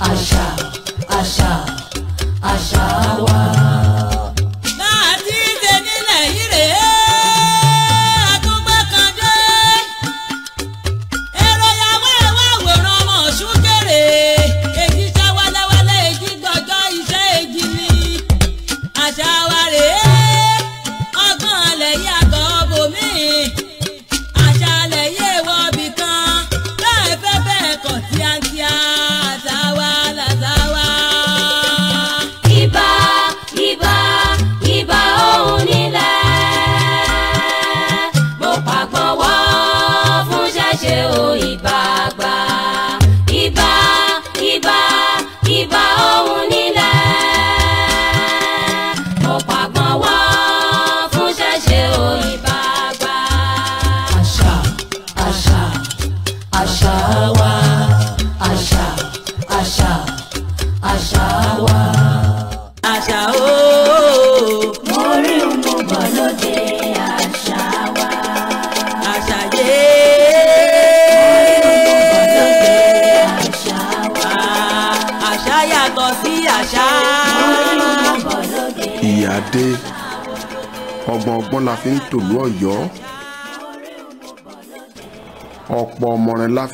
achar, achar.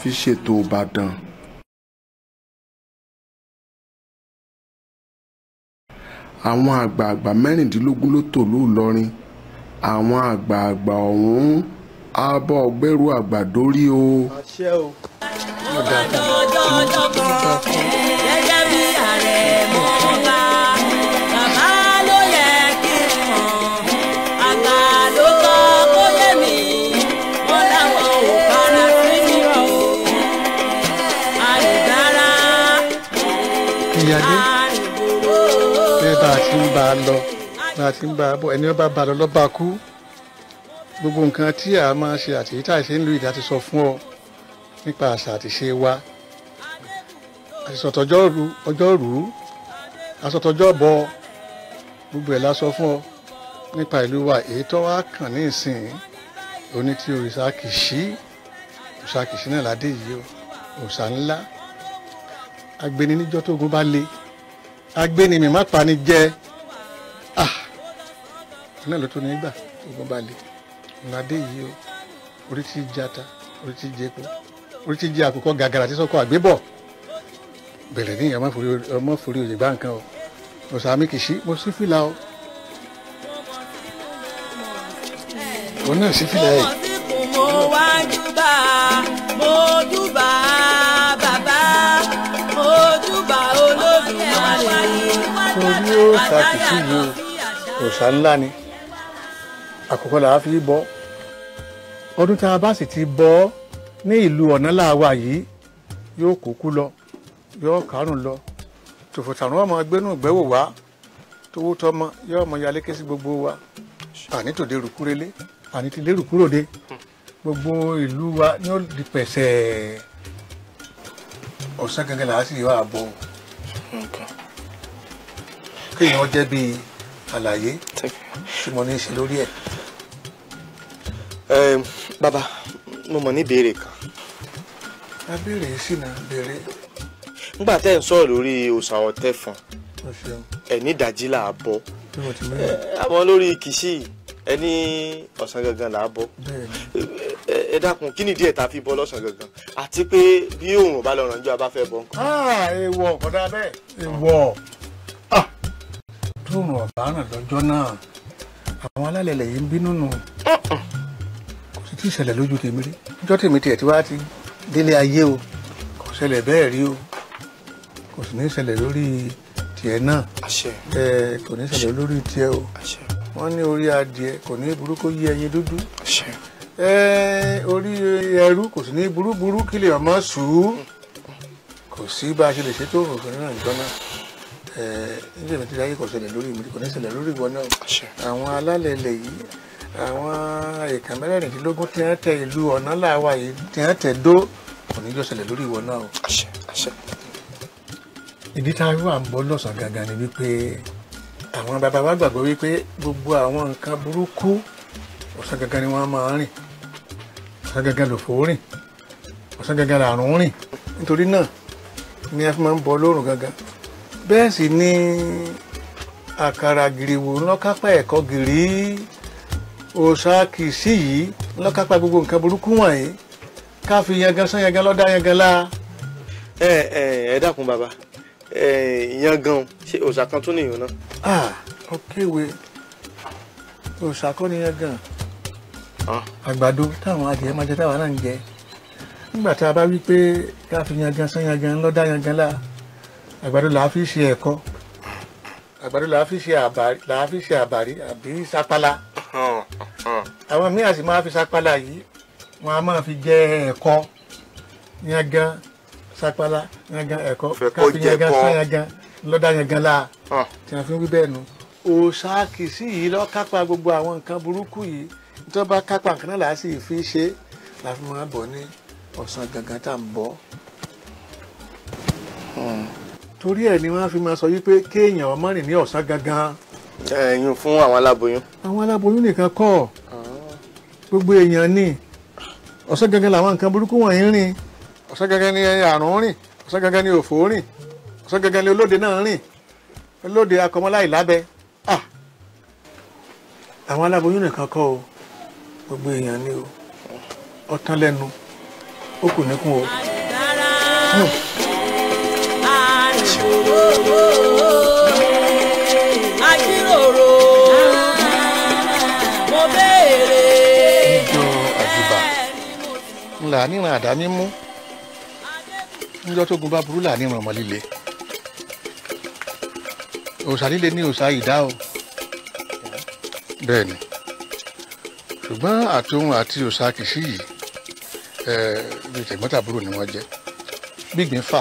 fi ṣètò ìbàdàn àwọn àgbààgbà mẹ́rìndínlógún ló tòlú ìlọrin àwọn àgbààgbà ọ̀hún á bọ́ ọgbẹ́rú àgbà dórí o. àṣẹ o. ọjọ́ ọjọ́ ọjọ́. a lọ bá a ti ń bá a bọ̀ ẹni ó bá ba kú gbogbo nǹkan tí a máa ṣe àti èyí tá a ṣe ń lu ìdá ti sọ fún ọ nípa àṣà àti ṣe wa àṣìṣọ̀tọ̀jọ́ rú àṣọ̀tọ̀jọ́ bọ gbogbo ẹ̀ la sọ fún ọ nípa ìlú wa èyí tó wá kàn ní ìsìn oní tí òrìṣà Kìṣí òrìṣà Kìṣí náà ládé yìí o òrìṣà ńlá agbeni níjọ́ tógun bá le agbeni mi má pa ni jẹ́ ah iná ló tó ní gbà ogun balẹ̀ ìnàdé yìí o orí ti jata orí ti jẹ epo orí ti jẹ àkókò gàgàrà tí sọkọ àgbébọ̀ bẹ̀rẹ̀ ní ọmọ forí òyìnbá nǹkan o mo sàmì kì í sí mo sí fìlà o òun náà sí fìlà yìí. mo wájú bá mo jù bá. sórí òòṣà kìtìbù òòṣà ńlá ni àkókò làá fi bọ ọdún tá a bá sì ti bọ ọ ní ìlú ọ̀nà làwa yìí yóò kúkú lọ yóò kárùn lọ tòfòtàrún ọmọ gbénú ìgbẹ́wò wá tówó tọmọ yóò mọ yalé ké sí gbogbo wa àní tòde rùkúrelé àní tìlé rùkúròde gbogbo ìlú wa ni ó di pẹ̀sẹ̀ ọ̀sán gẹ́gẹ́ làá sì yọ àbọ̀ kéèyàn jẹ́ bíi àlàyé tí mo ní í ṣe lórí ẹ̀. bàbá mo mọ̀ ní ìbéèrè kan. a béèrè sí náà béèrè. nígbà tẹ́ ń sọ̀rọ̀ lórí òòṣà ọ̀tẹ̀ fún ẹ̀ ní ìdajì là á bọ̀ àmọ́ lórí kìsì ẹ ní ọ̀sán gangan là á bọ̀ ẹ dákun kí nìdí ẹ̀ tá a fi bọ́ lọ́sàn gangan àti pé bí òòrùn bá lọ rànjú a bá fẹ́ bọ́ nǹkan. ẹ ah, wọ ọ̀kọ́dá bẹ́ẹ̀. ẹ wọ tóun ọ̀báràn lọ́jọ́ náà àwọn alálẹ̀lẹ̀ yìí ń bínú nù kò sì tí ì ṣẹlẹ̀ lójú tèmi rí ọjọ́ tèmi tiẹ̀ tí wàá ti délé ayé o kò ṣẹlẹ̀ bẹ́ẹ̀ rí o kò sì ní ṣẹlẹ̀ lórí tiẹ̀ náà ẹ kò ní ṣẹlẹ̀ lórí tiẹ̀ o wọ́n ní orí adìẹ kò ní burúkú yí ẹyẹ dúdú orí ẹrú kò sì ní burúburú kí lè ọmọ sùúrù kò sí bá a ṣe lè ṣètò òfin náà ìjọ náà níbi ìrántí ayé kò ṣẹlẹ̀ lórí mi kò ní ṣẹlẹ̀ lórí ìwọ náà àwọn alálẹ̀ ilẹ̀ yìí àwọn ìka mẹ́rẹ̀ẹ́rìndínlógún tí wọ́n tẹ ìlú ọ̀nà làwà yìí tí wọ́n tẹ dó kò ní yóò ṣẹlẹ̀ lórí ìwọ náà. ìdí tá a wà ń bọ́ lọ́sàn-án gangan ni wípé àwọn bàbá wa gbàgbọ́ wípé gbogbo àwọn nǹkan burúkú ọ̀sán gangan ni wọ́n máa ń rìn ọ̀sán gangan lòfò rìn ọ̀sán gangan làrùn rìn nítorí náà ni a fi máa ń bọ́ lóòrùn gangan bẹ́ẹ̀ sì ni àkàrà gìrìwò ńlọ́kápá ẹ̀kọ́ gìrì òṣàkì sí yìí ńlọ́kápá gbogbo nǹkan burúkú wọ̀nyí ká fi yangan sán yangan lọ́dá yangan la. ẹ ẹ ẹ dákun bàbá ẹ yangan ṣe òṣà kan tún nìyẹn náà. ah ọkéwe òṣà kọ́ ni yangan àgbàdo táwọn adìyẹ máa jẹ táwọn náà ń jẹ nígbà tá a bá wí pé ká fi yangan sán yangan lọ́dá yangan la. Ah àgbàdo là á fi ṣe ẹ̀kọ àgbàdo là á fi ṣe àbàrí là á fi ṣe àbàrí àbí sapala àwọn míì àti máa fi sapala yìí wọn a máa fi jẹ ẹ̀kọ yangan sapala yangan ẹ̀kọ káfí yangan sáyangan lọ́dà yangan la ah. tí wọ́n fi wí bẹ́ẹ̀ nu òṣàkì sí yìí lọ kápá gbogbo àwọn nǹkan burúkú yìí tó bá kápá nǹkan náà là á sì fi ṣe la fi máa bọ̀ ní ọ̀sán gangan tá à ń bọ̀. Hmm torí ẹ ni wọn fi máa sọ wípé kéèyàn ọmọ rìn ní ọ̀sán gangan. ẹyin fún àwọn aláboyún. àwọn aláboyún nìkan kọ́ gbogbo èèyàn ni ọ̀sán gangan làwọn nǹkan burúkú wọ̀nyí rìn ọ̀sán gangan ni àrùn rìn ọ̀sán gangan ni òfò rìn ọ̀sán gangan ni olóde náà rìn olóde akọmọláì lábẹ́ àwọn aláboyún nìkan kọ́ o gbogbo èèyàn ni o ọtán lẹ́nu ó kù níkùn o. Hmm ajíròrò mo béèrè ńlá níran àdá mímú níjọ́ tó gun bá burú là níran ọmọ líle òòṣà líle ní òòṣà ìdá o bẹ́ẹ̀ ni ṣùgbọ́n àtòhun àti òòṣà kìsì yìí ẹ̀ẹ́dẹ̀gbọ́n tàbúrò ni wọ́n jẹ́ gbígbín fà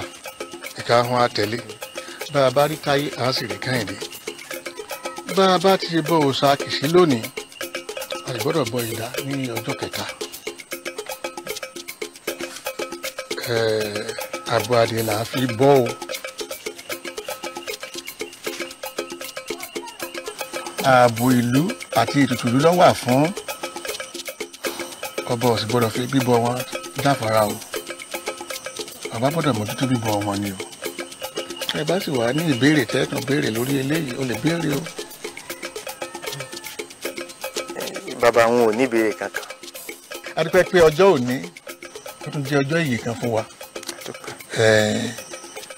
ká hàn àtẹ̀lé bá a bá rí táyé à á sì rí kẹ́hìndé bá a bá ti ṣe bọ́ òòṣà kìsí lónìí a lè gbọ́dọ̀ bọ ìdá ní ọjọ́ kẹta àbọ̀ adìẹ là á fi bọ́ o. ààbò ìlú àti ètùtù ìlú ló wà fún ọba ọ̀sìn gbọ́dọ̀ fi bíbọ wọn dáfara o bàbá gbọ́dọ̀ mọ́tútù bíbọ wọn ni o ẹ bá sì wà ní ìbéèrè tẹ́kàn béèrè lórí eléyìí o lè béèrè o. bàbá wọn ò ní ìbéèrè kankan. a dúpẹ́ pé ọjọ́ òní ó tún jẹ́ ọjọ́ iyì kan fún wa.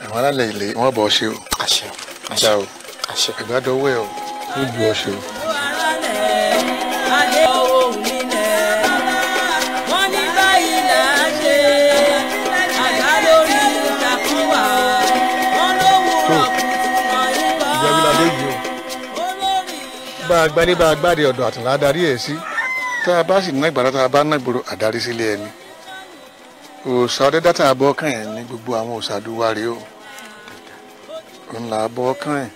àwọn alálẹ̀ ilé wọn bọ̀ ọ́ ṣe o. àṣẹ àṣẹ àṣẹ ìgbàdọ̀wẹ́ o lójú ọ̀ṣẹ́ o. agbádé bá agbádé ọ̀dọ̀ àtìlá darí ẹ̀ sí tá a bá sì ná ìgbàlá tá a bá ná ìgboro àdarí sílé ẹni òòṣà ọdẹ́dá tá a bọ́ kàn yẹn ní gbogbo àwọn òòṣà àdúwà rèé o ńlá bọ́ kàn yẹn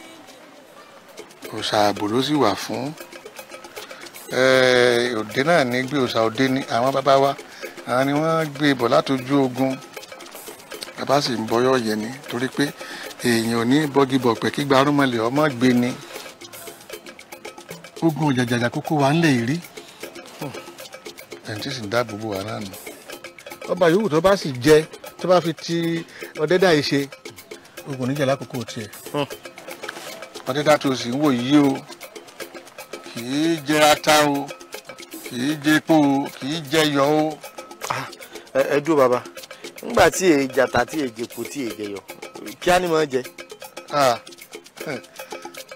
òòṣà ààbò ló sì wà fún òde náà ní gbé òòṣà òde ní àwọn bàbá wa àwọn ni wọ́n gbé bọ̀ látọjú ogun bàbá sì ń bọyọ̀ yẹn ni torí pé èèyàn ò ní bọ́gibọ̀pẹ̀ kí gbarúmọlẹ̀ ọmọ gbé ni ogun òjàjàjà kókó wa ń lè rí hmm. ẹni tí sì ń dáàbò bò wá náà nù ọba yòówù tó bá sì jẹ tó bá fi ti ọdẹ́dà yìí ṣe ogun níjà lákòókò tiẹ̀ hmm. ọdẹ́dà tó sì ń wò yí o kì í jẹ ata o kì í jẹ epo o kì í jẹ yọ o. Ah, ẹ dúró bàbá nígbà tí èjàta tí èjèkó tí èjẹyọ kí á ní mọ jẹ. Ah,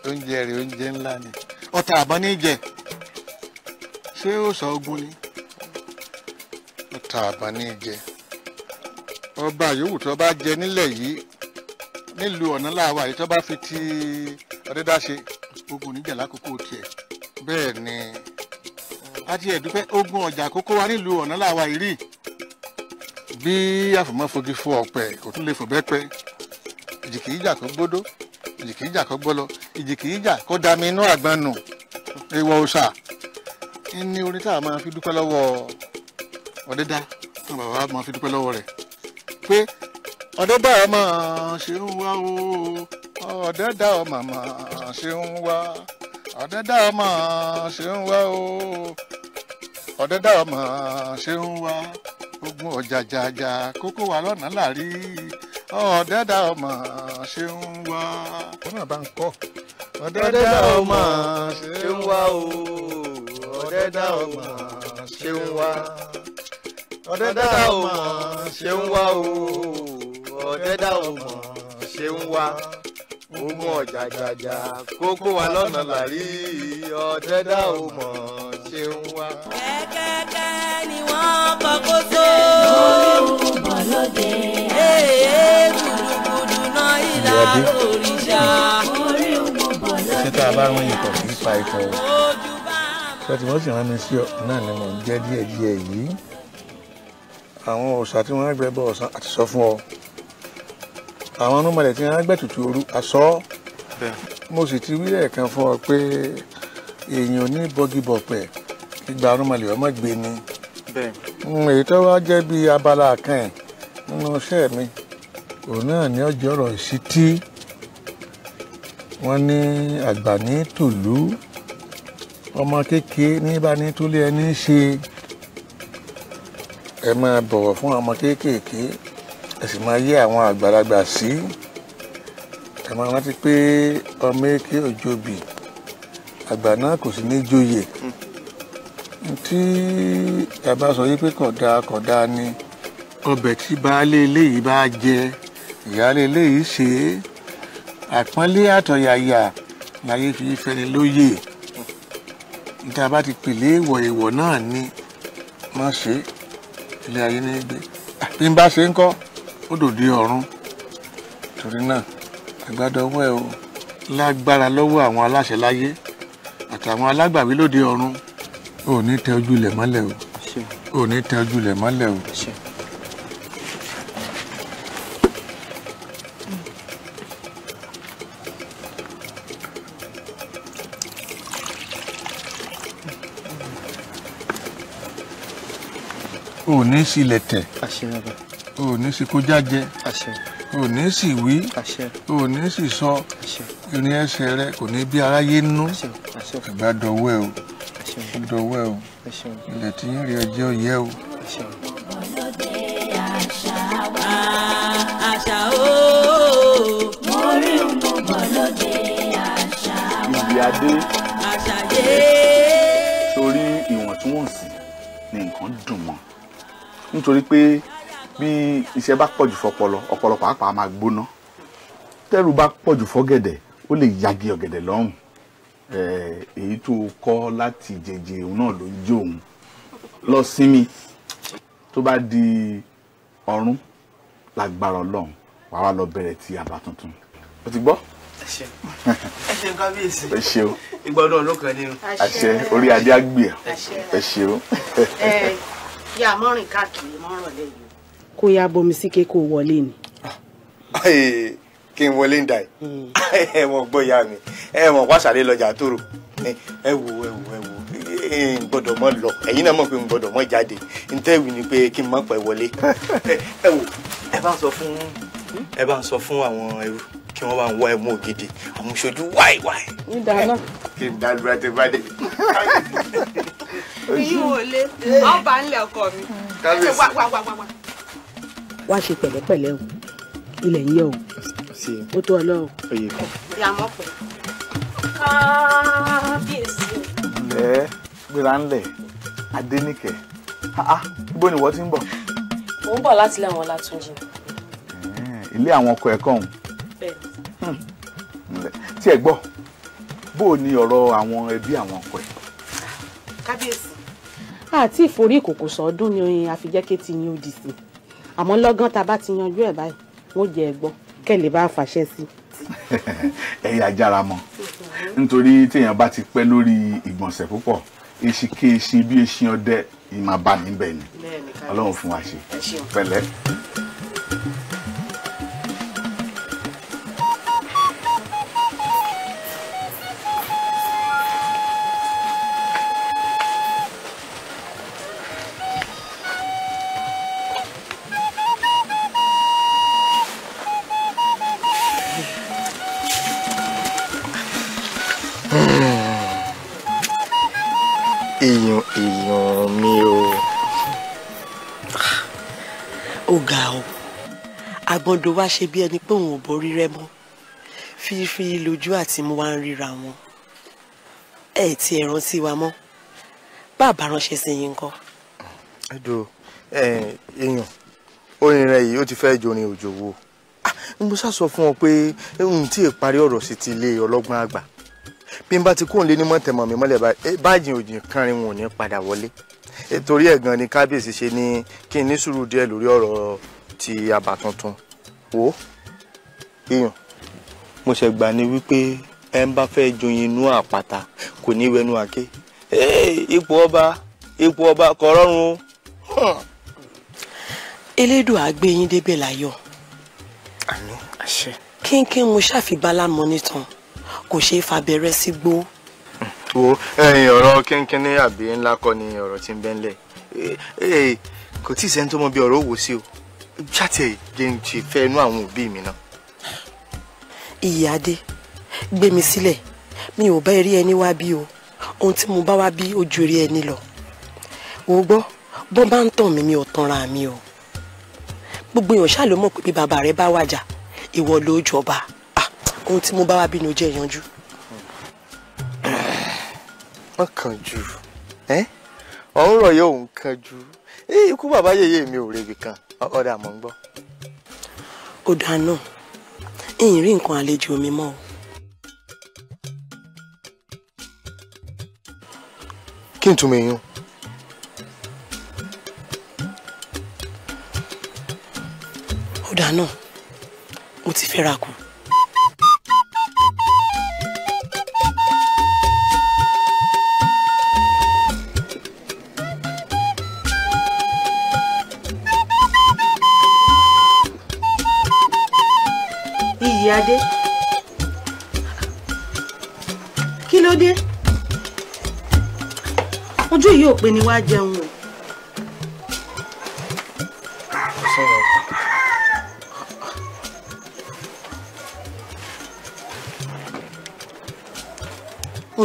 oúnjẹ rẹ oúnjẹ ńlá ni ọ̀tá àbọ̀n ní jẹ ṣé ó sọ ogun ni. ọ̀tá àbọ̀n ní jẹ ọba yòówù tó bá jẹ nílẹ̀ yìí nílùú ọ̀nà láàwà yìí tó bá fi ti ọ̀dẹ́dá ṣe ogun níjà lákòókò tiẹ̀ bẹ́ẹ̀ ni a ti ẹ̀dúpẹ́ ogun ọjà àkókò wa nílùú ọ̀nà láàwà yìí rí bí àfọmọ́fogi fún ọ̀pẹ kò tún lè fò bẹ́pẹ́ ìjì kì í gbódó ìjì kì gbọ́lọ́ ìjì kì í jà kó da mi inú àgbọn nù ìwọ òòṣà ní orin tá a máa fi dúpẹ́ lọ́wọ́ ọ̀dẹ́dá náà bàbá máa fi dúpẹ́ lọ́wọ́ rẹ̀ pé ọ̀dẹ́dá ọmọ ṣe ń wá o ọ̀dẹ́dá ọmọ ṣe ń wá ọ̀dẹ́dá ọmọ ṣe ń wá o ọ̀dẹ́dá ọmọ ṣe ń wá ogun ọ̀jàjàjà kókó wa lọ́nà láàrí ọ̀dẹ́dá ọmọ ṣe ń wá. ó náà bá ń kọ́ ọ̀dẹ́dá ọmọ ṣe ń wá o ọ̀dẹ́dá ọmọ ṣe ń wá ọ̀dẹ́dá ọmọ ṣe ń wá o ọ̀dẹ́dá ọmọ ṣe ń wá ọmọ jàjàjà kókó wa lọ́nà làrí ọ̀dẹ́dá ọmọ ṣe ń wá. kẹ́kẹ́kẹ́ ni wọ́n kọ́ tó. lórí ee gbùdùgbùdù náà ìlà òrìṣà. orí ṣé tá a bá rán ikọ̀ kì í pa ikọ̀ o ṣé tí wọ́n sì rán mi sí ọ náà ni mò ń jẹ́ díẹ̀ díẹ̀ yìí àwọn òòṣà tí wọ́n á gbẹ bọ ọ̀sán àti sọ fún ọ àwọn anúmọ̀lẹ̀ tí wọ́n á gbẹ tutù ooru àsọ mo sì ti wí lẹ́ẹ̀kan fún ọ pé èèyàn ní bọ́gìbọ̀pẹ̀ ìgbà anúmọ̀lẹ̀ ọmọ gbé ni èyí tó wá jẹ́ bí abala kan nínú iṣẹ́ mi òun náà ní ọjọ́ ọ̀rọ̀ ìṣítí wọ́n ní àgbà ní tòlú ọmọ kékeré ní bá ní túlé ẹni ṣe ẹ máa bọ̀wọ̀ fún ọmọ kéékèèké ẹ sì máa yé àwọn àgbàlagbà sí ẹ máa rántí pé ọmọ èké òjòbí àgbà náà kò sí ní joyè tí ẹ bá sọ wípé kódà kódà ni ọbẹ̀ tí baálé eléyìí bá jẹ ìyáálé eléyìí ṣe é àpọ́nlé àtọ̀yàyà láyé fi fẹ́ni lóye níta bá ti pèlè ìwọ̀ ìwọ̀ náà ni má ṣe ilé ayé ní gbé bí n bá ṣe ń kọ́ ó dòde ọ̀run torí náà àgbàdo ọwọ́ ẹ o lágbára lọ́wọ́ àwọn aláṣẹ láyé àtàwọn alágbàwí lóde ọ̀run ò ní tẹ ojú ilẹ̀ mọ́lẹ̀ o ò ní tẹ ojú ilẹ̀ mọ́lẹ̀ o. ní sílẹ̀ tẹ̀ o ò ní sí kó jájẹ o ò ní sì wí o ò ní sì sọ irin ẹsẹ̀ rẹ kò ní bí aráyé nú ìgbà dọ̀wọ́ ẹ o dọ̀wọ́ ẹ o ilẹ̀ tí yín rí ọjọ́ yẹ o. àṣà ooo mo ìwọ̀ntúnwọ̀nsì ni nǹkan dùn mọ́ nítorí pé bí iṣẹ́ bá pọ̀jù fọpọlọ ọpọlọ pàápàá máa gbóná tẹ́rù bá pọ̀jù fọ́gẹ̀dẹ̀ ó lè yagi ọ̀gẹ̀dẹ̀ lọ́rùn èyí tó kọ́ láti jẹjẹ òun náà ló ń jó òun lọ sinmi tó bá di ọ̀run lágbára ọlọ́run wàá wá lọ bẹ̀rẹ̀ ti àbá tuntun o ti gbọ́. ẹ ṣe ẹ ṣe kábíyèsí ẹ ṣe o ìgbọ́dọ̀ olókan ni o. àṣẹ orí adé àgbẹ̀ ẹ ṣe o kí a mọ́rìn káàkiri mọ́rọ̀lẹ́ yìí. kó yá bomi síké kó wọlé ni. Ah. kí n wọlé ń da hmm. ẹ ẹ mọ gbọ́ ìyá mi ẹ mọ wàṣàlẹ̀ lọ́jà tóró ẹ wo ẹ wo ẹ wo n gbọ́dọ̀ mọ lọ ẹ̀yin náà mọ̀ pé n gbọ́dọ̀ mọ jáde n tẹ́ ìwé ni pé kí n má pẹ́ wọlé ẹ wo ẹ bá ń sọ fún ẹ bá ń sọ fún àwọn ẹrú kí wọ́n bá ń wá ẹmu ògidì àwọn ìṣojú wáìwáì. nídàáná. kí n dàdúrà tẹ bá dé. mi yóò lé ọba ńlẹ̀ ọkọ mi. kábíyèsí wá wá wá wá. wá ṣe pẹ̀lẹ́pẹ̀lẹ́ o ilẹ̀ ń yẹ o ó tó ọlọ́run. ìyàmọ́ pẹ̀. kábíyèsí. ǹlẹ́ gbéra ńlẹ̀ adéníkẹ́ ah, ah, bó ni wọ́n ti ń bọ̀. mo ń bọ̀ láti ilé àwọn Látúnjí. ilé àwọn ọkọ ẹ̀kọ́ ọ̀hún. bẹ́ẹ̀ lẹ̀ tí ẹ gbọ́ bó o ní ọ̀rọ̀ àwọn ẹbí àwọn ọkọ ẹ̀. kábíyèsí. àti ìforí ìkòkò sọdún ni àfijẹ́kẹ́ ti yan òdì sí àmọ́ lọ́gán tá a bá ti yanjú ẹ̀ báyìí wọ́n jẹ́ ẹ gbọ́ kẹ́lẹ́ bá fàṣẹ sí. ẹ̀yin ajára mọ́ nítorí téèyàn bá ti pẹ́ lórí ìgbọ̀nsẹ̀ púpọ̀ èsìkéèsì bí esin ọdẹ ìmọ̀ bá mi bẹ̀ ni ọlọ́run fún wa ṣe pẹ̀lẹ́. Mọ́ńdò wá ṣe bí ẹni pé òun ò borí rẹ mọ́ fírífírí lójú àti mú wa ń ríra wọn ẹ ti ẹ rántí wa mọ́ bàbá ránṣẹ́ sí yín nǹkan. ẹ jọ̀ọ́ èèyàn orin rẹ yìí ó ti fẹ́ jorin òjò wo ah, mo ṣàṣọ fún ọ pé n tí ì parí ọ̀rọ̀ sí ti ilé ọlọ́gbọ́n àgbà bí n bá ti kóun lé ní mọ̀tẹ̀mọ̀ mi mọ́lẹ̀ báyìí eh, òjì kan wọn ò ní padà wọlé eh, torí ẹ̀ gan ni kábíyèsí ṣe ni kí n ní sùúrù díẹ̀ lórí ọ̀rọ̀ ti àbá tuntun wò ó iyùn mo ṣe gbà ní wípé ẹ ń bá fẹ́ joyin inú àpáta kò ní wẹnu àké ipò ọba ipò ọba kò rọrùn o. elédùn àgbẹ̀yìn débẹ̀ láyọ̀. àmín àṣẹ. kínkín mo ṣàfibálà mọ́ nìtàn kò é fabẹ́rẹ́ sí gbó. wo ẹyin ọ̀rọ̀ kínkín ní àbí ńlá kọ́ ni ọ̀rọ̀ tí ń bẹ́ńlẹ̀ eh, eh, kò tí ì sẹ́ni tó mọ bí ọ̀rọ̀ òwò sí o jáde jẹ́ n ti fẹ́ inú àwọn òbí mi náà. ìyáde gbé mi sílẹ̀ mi ò bá eré ẹni wá bí o ohun tí mo bá wá bí ojú eré ẹni lọ wò ó gbọ́ bó bá ń tàn mí mi ò tanra mi o gbogbo èèyàn ṣáà ló mọ̀ pé bí bàbá rẹ bá wàjà ìwọ ló jọba ohun tí mo bá wá bí ni ó jẹ́ ìyanjú. wọ́n kàn jù ọ̀hún rọ̀ yóò ń kàn jù ikú bàbá yèyé mi ò rebi kan ọ̀dà mọ̀ ń gbọ́. ọ̀dà náà ìyìn rí nǹkan àlejò mi mọ́ o. kí n tún mi yún. ọ̀dà náà mo ti fẹ́ ra kù. adé kí ló dé ojú yìí ò pé ni wàá jẹun o.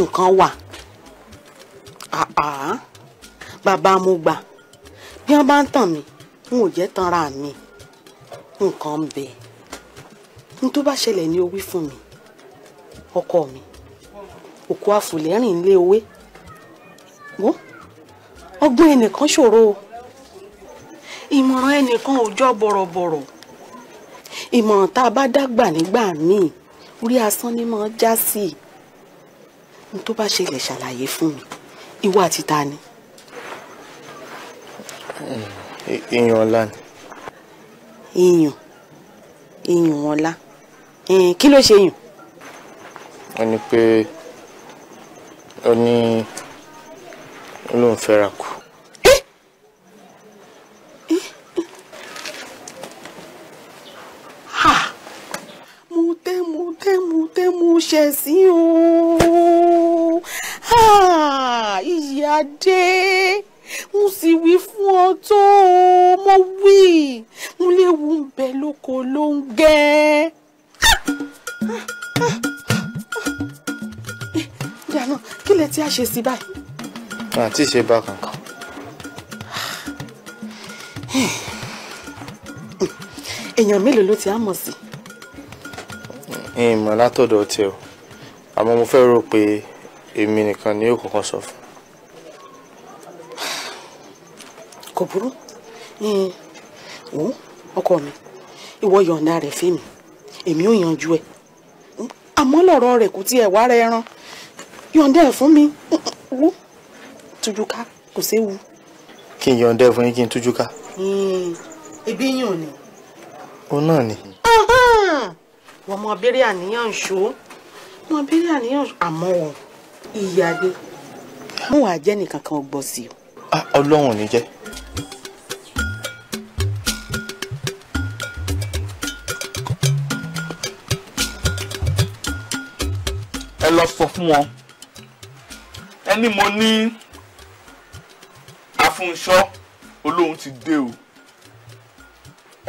nǹkan wà bàbá mo gbà bí wọ́n bá ń tàn mí n ò jẹ́ tanra mi nǹkan bẹ́ẹ̀ n tó bá ṣẹlẹ̀ ní o fún mi ọkọ mi òkú àfòlẹ́rìn ilé owé wọ́n ọgbọ́n ẹnìkan ṣòro o ìmọ̀ràn ẹnìkan ò jọ bọ̀rọ̀bọ̀rọ̀ ìmọ̀ràn tá a bá dàgbà nígbà míì orí asán ni mo já sí i n tó bá ṣẹlẹ̀ ṣàlàyé fún mi ìwọ àti ta ni. iyùn ọlá ni. iyùn iyùn ọlá kí ló ṣe yùn. ó ní pé ó ní lóun fẹ́ra kù. mo tẹ́ mo tẹ́ mo tẹ́ mo sí o iyì adé. á ṣe sí báyìí. àti ṣe bá kankan. èèyàn mélòó ló ti á mọ̀ sí. ìmọ̀ látọ̀dọ̀ tẹ o àmọ́ mo fẹ́ rò pé èmi nìkan ni yóò kọ́kọ́ sọ fún. kò burú wò ọkọ mi ìwọ yọ̀ǹda rẹ̀ fún mi èmi ò yanjú ẹ̀ àmọ́ lọ́rọ̀ rẹ̀ kò tiẹ̀ wá rẹ ẹran yọ̀ǹda ẹ̀ fún mi wú tújú ká kò séwu. kí n yọ̀ǹda ẹ̀ fún yín kí n Tujuka? ká. Hmm, ebi yín ò ní. òun náà ni. wọ́n mọ abẹ́rẹ́ àníyàn ṣó mọ abẹ́rẹ́ àníyàn àmọ́ ọ̀ ìyá dé mú wàá jẹ́ nìkan kan ọgbọ́ sí i. ọlọ́run ò ní jẹ́. ẹ lọ sọ fún wọn ẹni mo ní afúnṣọ́ olóhùn ti dé o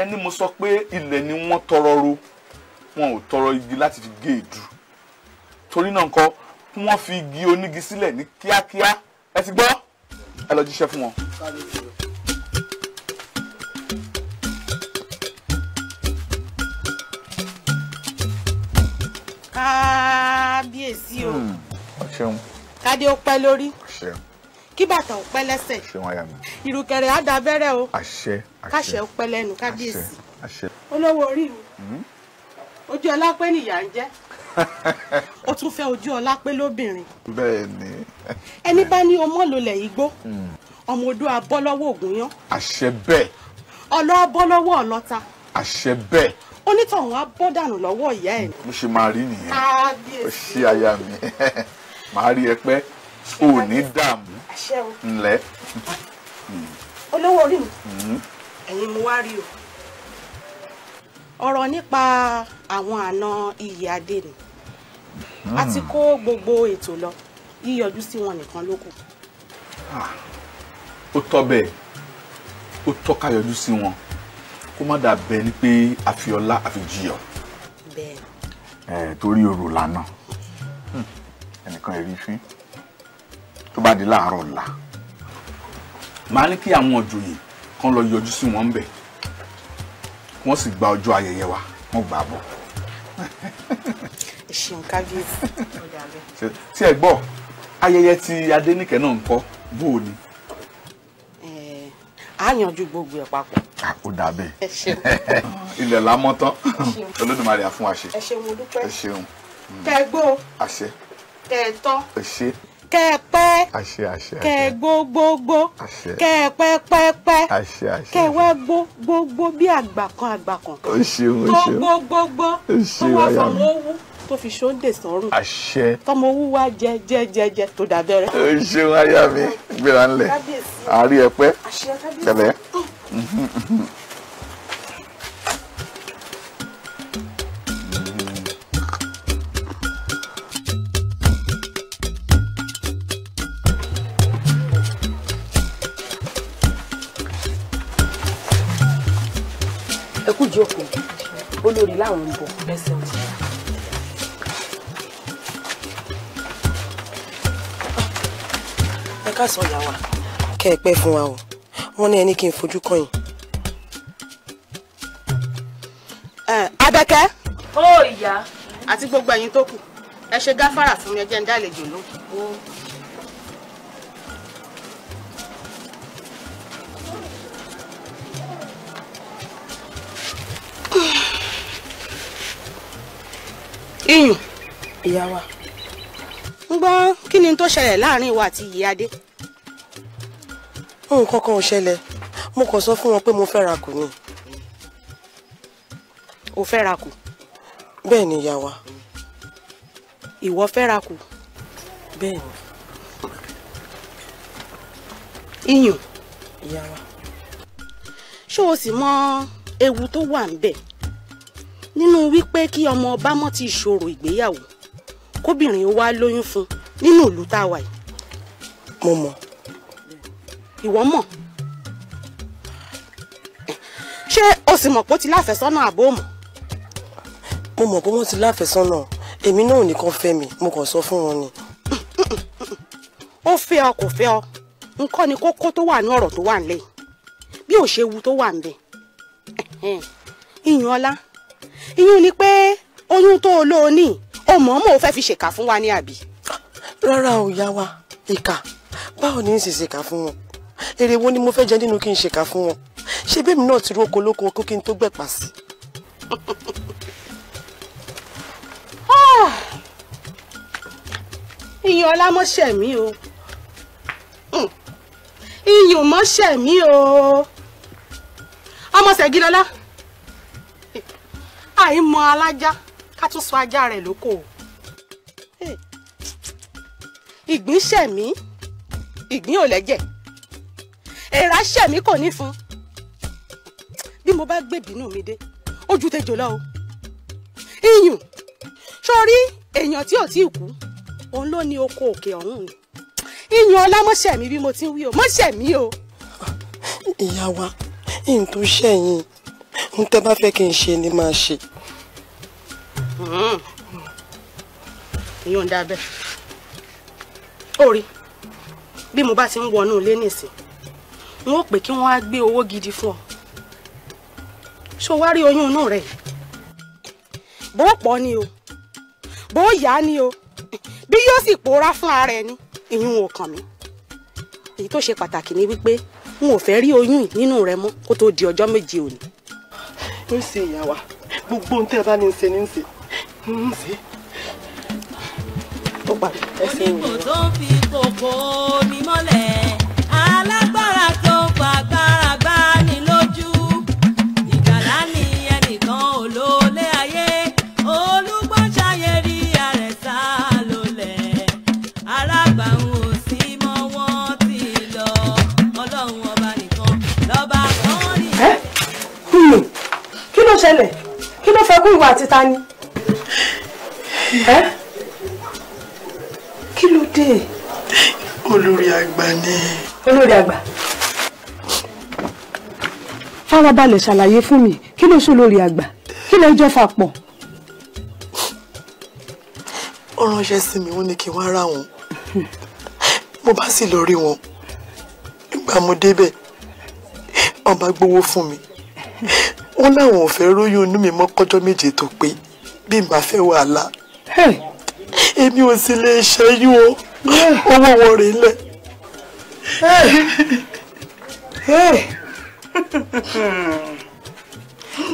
ẹni mo sọ pé ilẹ̀ ni wọ́n tọrọ ro wọn ò tọrọ igi láti fi gé èdú torí náà nǹkan kí wọ́n fi igi onígi sílẹ̀ ní kíákíá ẹ ti gbọ́ ẹ lọ jíṣẹ́ fún wọn. kábíyèsí o. ọ̀ṣun. Hmm, kádé ó pẹ́ lórí kí bàtà ó pẹ́ lẹ́sẹ̀ ìrùkẹ̀rẹ̀ á da abẹ́rẹ́ o káṣẹ ó pẹ́ lẹ́nu kábíyèsí olówó orí mi hmm? ojú ọlá pé nìyà ń jẹ́ ó tún fẹ́ ojú ọlá pé lóbìnrin bẹ́ẹ̀ni ẹni bá ní ọmọ lólẹ̀ igbó hmm. ọmọ odò abọ́ lọ́wọ́ ògùn yán àṣẹ bẹ́ẹ̀ ọlọ́ abọ́ lọ́wọ́ ọlọ́ta àṣẹ bẹ́ẹ̀ onítọ̀hún abọ́ dànù lọ́wọ́ ìyá ẹ̀. mo ṣe máa rí nìyẹn ó ṣí aya mi. màá rí ẹ pẹ́ o ò ní dààmú ńlẹ́. olówó orí mi hmm. ẹ̀yin mo wá rí o. ọ̀rọ̀ nípa àwọn àna iyì adé ni a ti hmm. kó gbogbo ètò lọ yíyọjú sí wọn nìkan ló kù. Ah. ó tọ́ bẹ́ẹ̀ ó tọ́ ká yọjú sí wọn kó má dà bẹ́ẹ̀ ni pé àfiọlá àfijìyọ. bẹ́ẹ̀. ẹ torí orò lànà ẹnìkan ẹ̀rí fín tó bá di láàárọ̀ ọ̀la màá ní kí àwọn òjòyè kan lọ yọjú sí wọn bẹ̀ wọ́n sì gba ọjọ́ ayẹyẹ wa wọ́n gbà bọ̀. ìṣìn kábíyèsí. tí ẹ gbọ́ ayẹyẹ ti Adéníkẹ́ náà ń kọ́ bó o ni. a yanjú gbogbo ẹ̀ papọ̀. ó dà bẹ́ẹ̀ ilẹ̀ lámọ́tán olódùmarè á fún wa ṣe. ẹ ṣeun mo dúpẹ́. àṣẹ kẹ́ ẹ tọ́. ẹ ṣe kẹ́ ẹ pẹ́ kẹ́ ẹ gbógbógbó kẹ́ ẹ pẹ́ pẹ́pẹ́ kẹ́ ẹ wá gbógbógbó bí àgbà kan àgbà kan tó gbógbógbó tó wá fọwọ́ wú tó fi ṣóńdè sọ́rùn tọmọ owó wá jẹ jẹ jẹ jẹ tó dàbẹ̀rẹ̀. o ṣeun aya mi gbéra ńlẹ̀ àárí ẹpẹ tẹ́lẹ̀. olórí làwọn ń bọ̀. ẹ káàsán ìyá wa. kẹ́ ẹ pẹ́ fún wa o wọ́n ní ẹni kí n fojú kọ̀yìn. abẹ́kẹ́. ó ìyá. àti gbogbo ẹ̀yin tó kù ẹ ṣe gáfárà fún mi ẹ jẹ́ ń dá lóhùn. iyùn ìyá wa ń gbọ́ kí ni tó ṣẹlẹ̀ láàrin ìwà àti ìyáadé. nǹkan kan ò ṣẹlẹ̀ mo kàn sọ fún wọn pé mo fẹ́ ra kù ni. o fẹ́ ra kù. bẹ́ẹ̀ ni ìyá wa. ìwọ fẹ́ ra kù. bẹ́ẹ̀ ni. iyùn. ìyá wa. ṣé o sì mọ ewu tó wà ń bẹ̀ nínú wípé kí ọmọ ọba mọ́ ti ìṣòro ìgbéyàwó kóbìnrin wa lóyún fún nínú ìlú tá a wà yìí. mo mọ̀. ìwọ mọ̀ ṣé o sì mọ̀ pé ó ti láfẹ̀sọ́nà àbó mọ̀. mo mọ̀ pé wọ́n ti láfẹ̀sọ́nà èmi náà nìkan fẹ́ mi mo kàn sọ fún wọn ni. ó fẹ́ ọ kò fẹ́ ọ nǹkan ni kókó tó wà ní ọ̀rọ̀ tó wà nílẹ̀ bí ò ṣe wu tó wà níbẹ̀ ìyàn ọlá ìyún ni pé oyún tó o lò ó ní o mọ̀ọ́mọ̀ o fẹ́ fi ṣèkà fún wa ní àbí. rárá o yá wa ìkà báwo ni n sì ṣèkà fún wọn èrè wo ni mo fẹ́ jẹ nínú kí n ṣèkà fún wọn ṣé bẹ́ẹ̀ mi náà ti roko lóko kó kí n tó gbẹ̀pà sí. Hmm. iyùn ọlámọ́ṣẹ́ mi o iyùn mọ́ṣẹ́ mi o ọmọ ṣẹ́gilọ́lá àìmọ alájá ká tún sọ ajá rẹ̀ lóko o ìgbín ṣẹ̀mí ìgbín ò lẹ́jẹ̀ èèrà ṣẹ̀mí kò ní fún bí mo bá gbé bínú mi dé ojú tejò lọ o iyùn sórí èèyàn tí ò tí ì kú òun ló ní oko òkè ọ̀hún ni iyùn ọlá mọ́ṣẹ̀mí bí mo ti ń wí o mọ́ṣẹ̀mí o. ìyá wa nǹkan ṣẹ̀yìn n tẹ́ bá fẹ́ kí n ṣe ni máa ṣe. Mm-hmm. ìyọ̀ǹda bẹ́ẹ̀ ó rí bí mo bá ti ń wọnú ilé nìsín n ó pè kí wọ́n á gbé owó gidi fún ọ ṣó wá rí oyún inú rẹ bó pọ̀ ni o bó yá ni o bí yóò sì pòórá fún ara ẹni ìyún ò kàn mí èyí tó ṣe pàtàkì ni wípé n ò fẹ́ rí oyún nínú rẹ mọ́ kó tó di ọjọ́ méje òní ń ṣe ìyá wa gbogbo ohun tẹ́ ẹ bá ní ṣe ní ṣe ń hmm, ṣe ó parí ẹsẹ̀ ìwé. oníkò tó ń fi kòkó mi mọ́lẹ̀ alágbára tó pàgbára gbá ni lójú ìgbàlá ni ẹnìkan olóòlé ayé olúgbọ́nsáyé rí ààrẹ sá lólẹ̀ arábàáhùn ò sí mọ́ wọ́n ti lọ ọlọ́run ọba nìkan lọ́ba. pé ìwà àti ta ni. kí ló dé. olórí àgbà ni. olórí àgbà. farabalẹ̀ ṣàlàyé fún mi kí ló ṣe olórí àgbà kí lè jọ fapọ̀. ó ránṣẹ́ sí mi wọ́n ní kí n wá ra wọn mo bá sì lọ rí wọn nígbà mo débẹ̀ ọba gbowó fún mi wọn láwọn ò fẹ́ róyún inú mi mọ́ kọ́jọ́ méje tó pé bí n bá fẹ́ wàhálà èmi ò sì lè ṣẹ́yún o owó wọn rèé lẹ̀.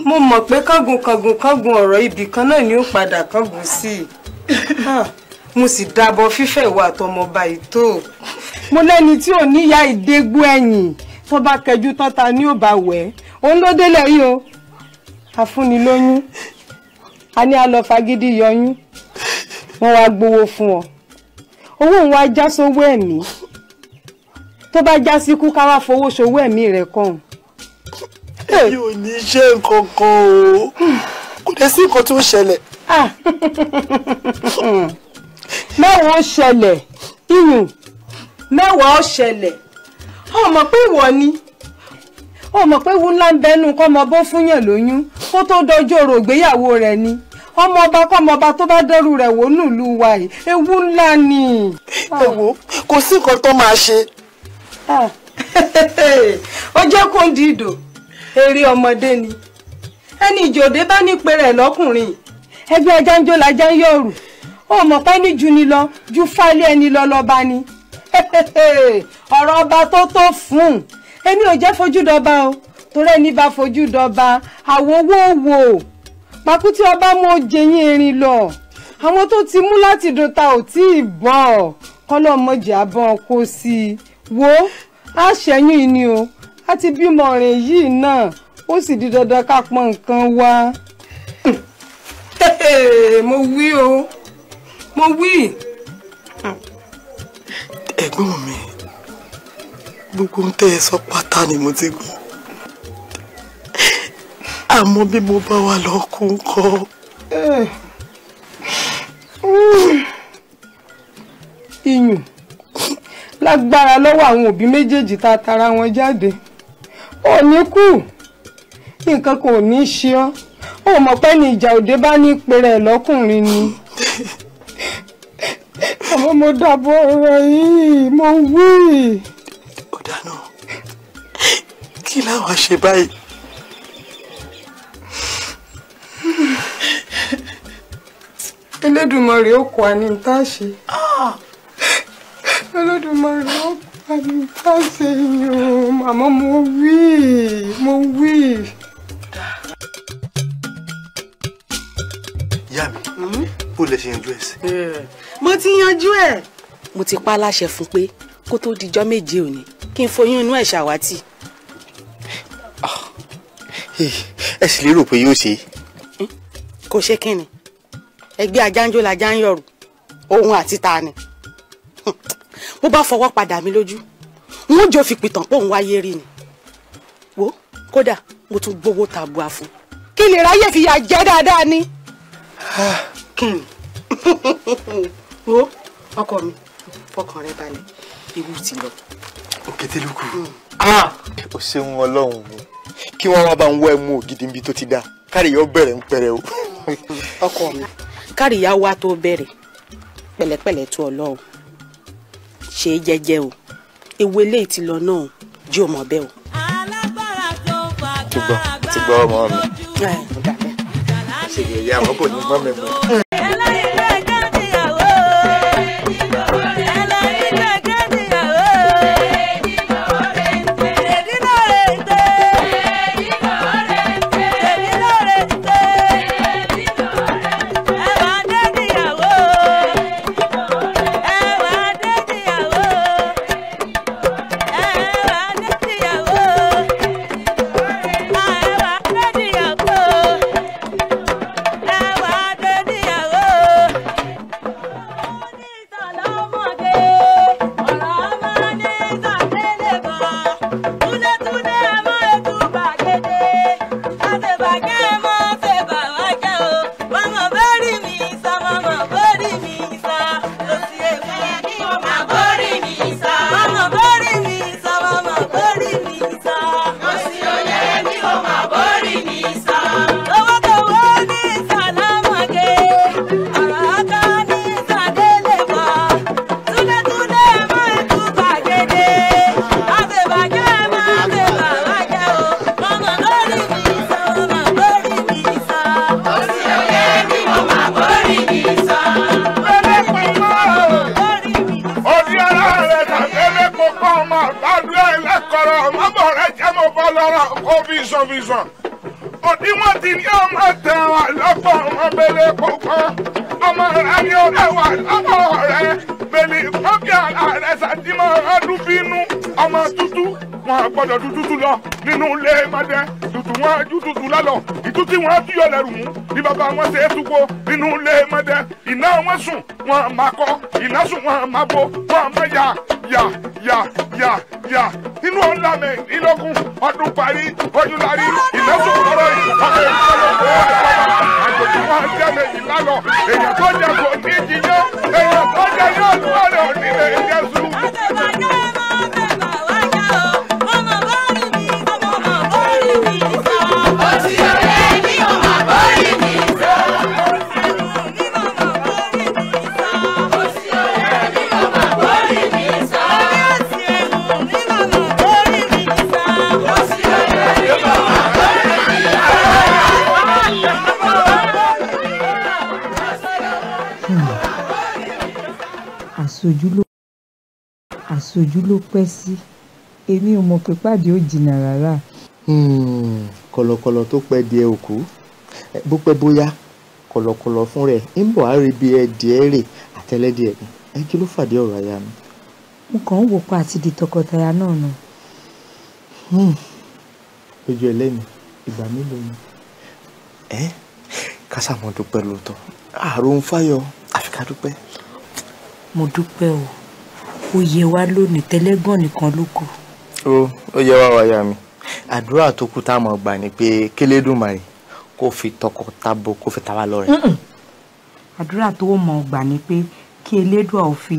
mo mọ̀ pé kángun kángun kángun ọ̀rọ̀ ibì kan náà ni ó padà kángun sí i mo sì dábọ̀ fífẹ́ ìwà àtọmọba ìtò. mo lẹ́ni tí ò níyà ìdégbò ẹ̀yìn tó bá kẹjú tán ni ó bá wẹ̀ òun ló délẹ̀ yìí o afúnilóyún a ní a lọ fagídí yọyún wọ́n wá gbowó fún ọ owó òun wá já sówó ẹ̀mí tó bá já síkú ká wá fowó sowó ẹ̀mí rẹ̀ kàn. èyí ò ní ṣe nǹkan o kò dé sí nǹkan tó ṣẹlẹ̀. Ah. mẹ́wàá ó ṣẹlẹ̀ iyùn mẹ́wàá ó ṣẹlẹ̀ ọmọ pé ìwọ ni ó mọ̀ pé wúńlá ń bẹnu kọ́mọ bó fúnyàn lóyún kó tó dọjọ́ ọ̀rọ̀ ìgbéyàwó rẹ̀ ni ọmọ ọba kọmọba tó bá dẹrù rẹ̀ wò nílùú wa yìí ewu ńlá ni. ẹ wo kò sí nǹkan tó máa ṣe. ó jẹ́ kó ń di ìdò eré ọmọdé ni ẹni ìjòdè bá ní pé lọ́kùnrin ẹgbẹ́ ajá ń jó lajá ń yọ̀rù ó mọ̀ ní ju ni lọ ju fálé ẹni lọ lọ́ba ni ọ̀rọ̀ ọba tó tó fún un èmi ò jẹ́ fojú dọba o torí ẹni bá fojú dọba àwo owó wò pàkútí ọba mú oje yín erin lọ àwọn tó ti mú láti dòta ò tí ì bọ̀ kọ́lọ́mọjà bọ́n kó sí i wo àṣẹyún yìí ni o àti bímọ rìn yìí náà ó sì di dandan ká pọn nǹkan wá. mo wí o mo wí. ẹ̀gbọ́n mi gbogbo ń tẹ́ ẹ sọ pátá ni mo ti gbọ́ àmọ́ bí mo bá wà lọ kú ń kọ́. iyùn lágbára lọ́wọ́ àwọn òbí méjèèjì tá a tara wọn jáde ò ní kú nǹkan kan ò ní ṣe ọ́ ò mọ̀ pé ní ìjà òde bá ní ìpèrè lọ́kùnrin ni àmọ́ mo dàbọ̀ ọ̀rọ̀ yìí mo wí kí làwọn ṣe báyìí. Elédùmarè ó kó àní tá a ṣe. Elédùmarè ó kó àní tá a ṣe yìí o màmá mo wí mo wí. ìyá mi bó lè ṣe yanjú ẹ sí. mo ti yanjú ẹ. mo ti pa láṣẹ fún pé kó tó dijọ́ méje òní kí n foyún inú ẹ̀ ṣàwátì ẹ sì lérò pé yóò ṣe. kò ṣe kí ni ẹgbẹ́ ajánjó la jányọ̀rù òun àti ta ni bó bá fọwọ́ padà mi lójú wọn jọ fi pìtàn pé òun wáyé rí ni wo kódà mo tún gbowó tabua fún kí lè ráyè fi yà jẹ́ dáadáa ni. wo ọkọ mi fọkàn rẹ balẹ̀ ewu ti lọ. òkété ló hmm. ah! o ṣeun ọlọ́run mi kí wọ́n wá bá ń wọ ẹmu ògidì níbi tó ti dá káríyá ó bẹ̀rẹ̀ ń pẹrẹ o. ọkọ mi káríyá wá tó bẹ̀rẹ̀ pẹ̀lẹ́pẹ̀lẹ́ tó ọlọ́run ṣe é jẹ́jẹ́ o ewu eléyìí ti lọ náà jí o mọ̀ o. ti gbọ́ ti gbọ́ ọmọ mi. ẹ ẹ ṣègbè ìyá ní mọ́ mi máa bo bọ́ ọ ya, ya, ya, ya, yà yà inú ọ̀la mi ìlógún ọdún parí ojúlarí. ló pẹ́ sí èmi ò mọ̀ pé pàdé ò jìnnà rárá. Hmm, kọ̀lọ̀kọ̀lọ̀ tó pẹ́ di ẹ òkú bó pẹ́ bóyá kọ̀lọ̀kọ̀lọ̀ fún rẹ̀ ń bọ̀ á rí bí ẹ díẹ̀ rè àtẹlẹ́díẹ̀ ẹ kí ló fàdé ọ̀rọ̀ aya mi. mo kàn ń wò pa àti di tọkọtaya náà nù. lójú hmm, ẹlẹ́mi ìgbà mélòó ni. ẹ kásá mo dúpẹ́ lóòótọ́ ààrùn fáyọ àfi ká mo dúpẹ́ o ó yẹ wá lónìí tẹlẹ́gàn nìkan ló kù. ó ó yẹ wá wáyà mi àdúrà tó kù tá a mọ̀ gbà ni pé kélédùmarè kó fi tọkọtabo kó fi ta wá lọ́rẹ. àdúrà tó mọ̀ gbà ni pé kí elédùà ò fi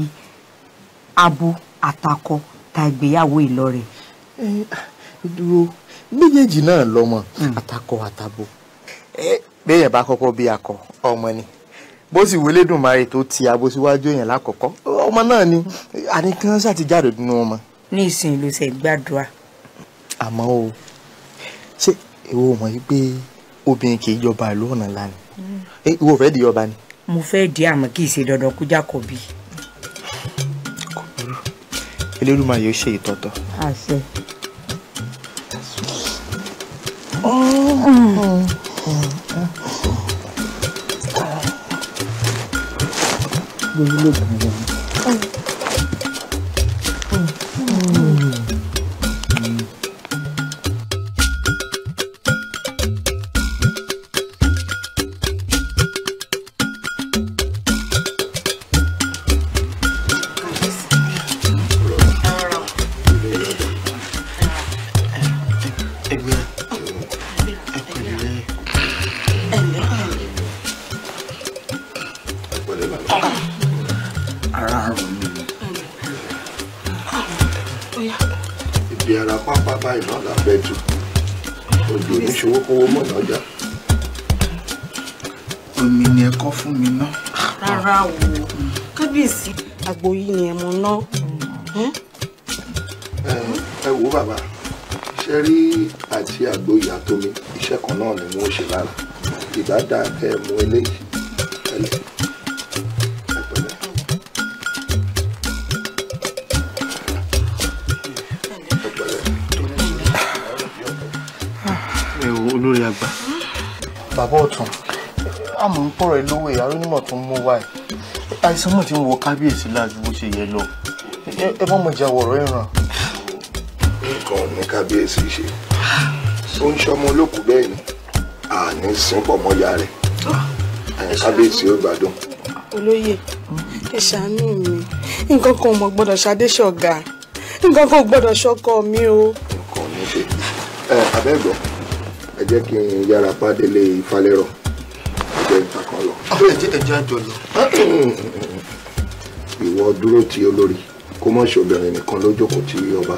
abo àtakọ ta ìgbéyàwó ìlọrẹ. dúró méjèèjì náà lọmọ mm. àtakọ àtabo bẹ́ẹ̀ yẹn bá kọ́kọ́ bí akọ ọmọ ni bó sì wọlé dùn máa rè tó ti abo síwájú èèyàn lákọ̀ọ́kọ́ ọmọ náà ni àníkan ṣàtijáde dùnú ọmọ. ní ìsìn ìlú tẹ gbàdúrà. àmọ́ o ṣé ìwọ mọ̀ yí pé obìnrin kì í jọba ìlú ọ̀nà lánàá mm. eh, ìwọ fẹ́ di ọba ni. mo fẹ́ di àmọ́ kì í ṣe dandan kó jákòbí. kò burú Elédùmarè yóò ṣe ìtọ́tọ̀. àṣẹ. Oh. 물로 뭐 가요. báwo kábíyèsí àgbo yìí ni ẹ̀mọ ná. Hm? ẹ wo bàbá ṣe rí àti àgbo ìyá tó mi iṣẹ́ kan náà ni wọ́n ṣe lára ìbá dáa kẹ́ ẹ mú eléyìí ẹlẹ́. bàbá ọ̀tún àmọ́ ah, ń pọ̀rọ̀ ẹ lówó ìyá onímọ̀ tó ń mú wá ẹ̀ àìsàn mọ̀ tí ń wo kábíyèsí láàjú bó ṣe yẹ lọ ẹ bọ́ mọ̀ jà wọ̀rọ̀ ìran. nǹkan ní kábíyèsí ṣe ó ń ṣọmọ olókùú bẹ́ẹ̀ ni àní sínpọ̀ mọ́yà rẹ̀ kábíyèsí ó gbádùn. olóyè ẹ ṣàánú mi nǹkan kan ò mọ̀ gbọ́dọ̀ ṣadé ṣọ̀gá nǹkan kan ò gbọ́dọ̀ ṣọkọ mi o. nǹkan ní ṣe ẹ abẹ́gbọ́ ẹ jẹ́ kí n yára pàdé lé Ifálérọ̀ ẹjẹ àjọ lọ. ìwọ dúró ti olórí kó mọ̀ ṣobìnrin nìkan ló jókòó ti ọba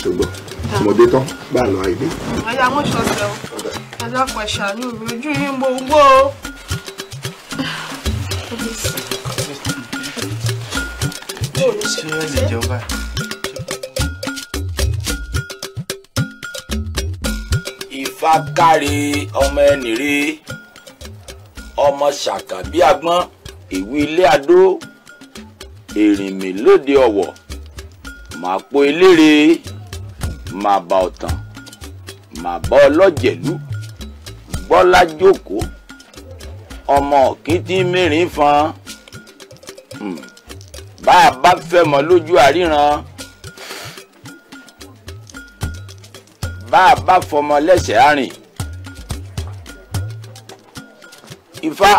ṣùgbọ́n ọmọdé tán bá lọ àìdé. ọ̀yà mo ṣọ̀ṣẹ̀ o ẹ̀dá pẹ̀ṣà ní ìrojú yín gbogbo. ṣé ọmọ ẹnì rèé ọmọ ṣàkàbí agbọ́n ìwé ilé adó èrìnmì lóde ọ̀wọ̀ màá po eléré màá bá ọ̀tàn màá bá ọlọ́jẹ̀lú bọ́lá jókòó ọmọ kìtì mẹ́rin fan hmm, bá a bá fẹ́ mọ́ lójú àríran bá a bá fọmọ lẹ́sẹ̀ àrìn. ifá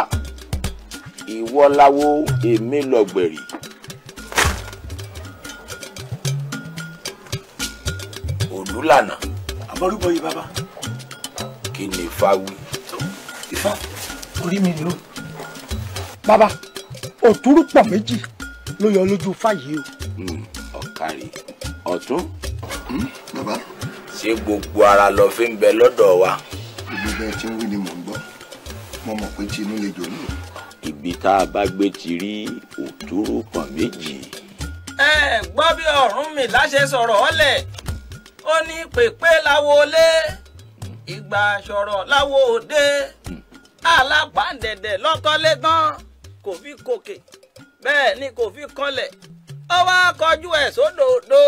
ìwọ láwo èmi lọ̀gbẹ̀rì. olùlànà. àbọ̀rúbọ yìí bàbá. kí ni ifá wí. ifá orí mi lò. bàbá òtúrú pọ̀ méjì ló yọ lójú fáyì o. Hmm, ọ̀kàrí ọ̀tún. Hmm, bàbá. ṣé gbogbo ara lọ fi ń bẹ lọ́dọ̀ wa. gbogbo ẹ ti ń wí ni mo mọ̀ pé tinú lè jò nílò. ibi tá a bá gbé ti rí òtúrò pọ̀n méjì. ẹ gbọ́ bí ọ̀run mi láṣẹ sọ̀rọ̀ ọ́lẹ̀ ó ní pèpè láwo lé ìgbà sọ̀rọ̀ láwo òde alápàǹdẹ̀dẹ̀ lọ́kọ́lẹ́gán kò fi kòkè bẹ́ẹ̀ ni kò fi kọlẹ̀ ó wá kọjú ẹ̀ sódòdó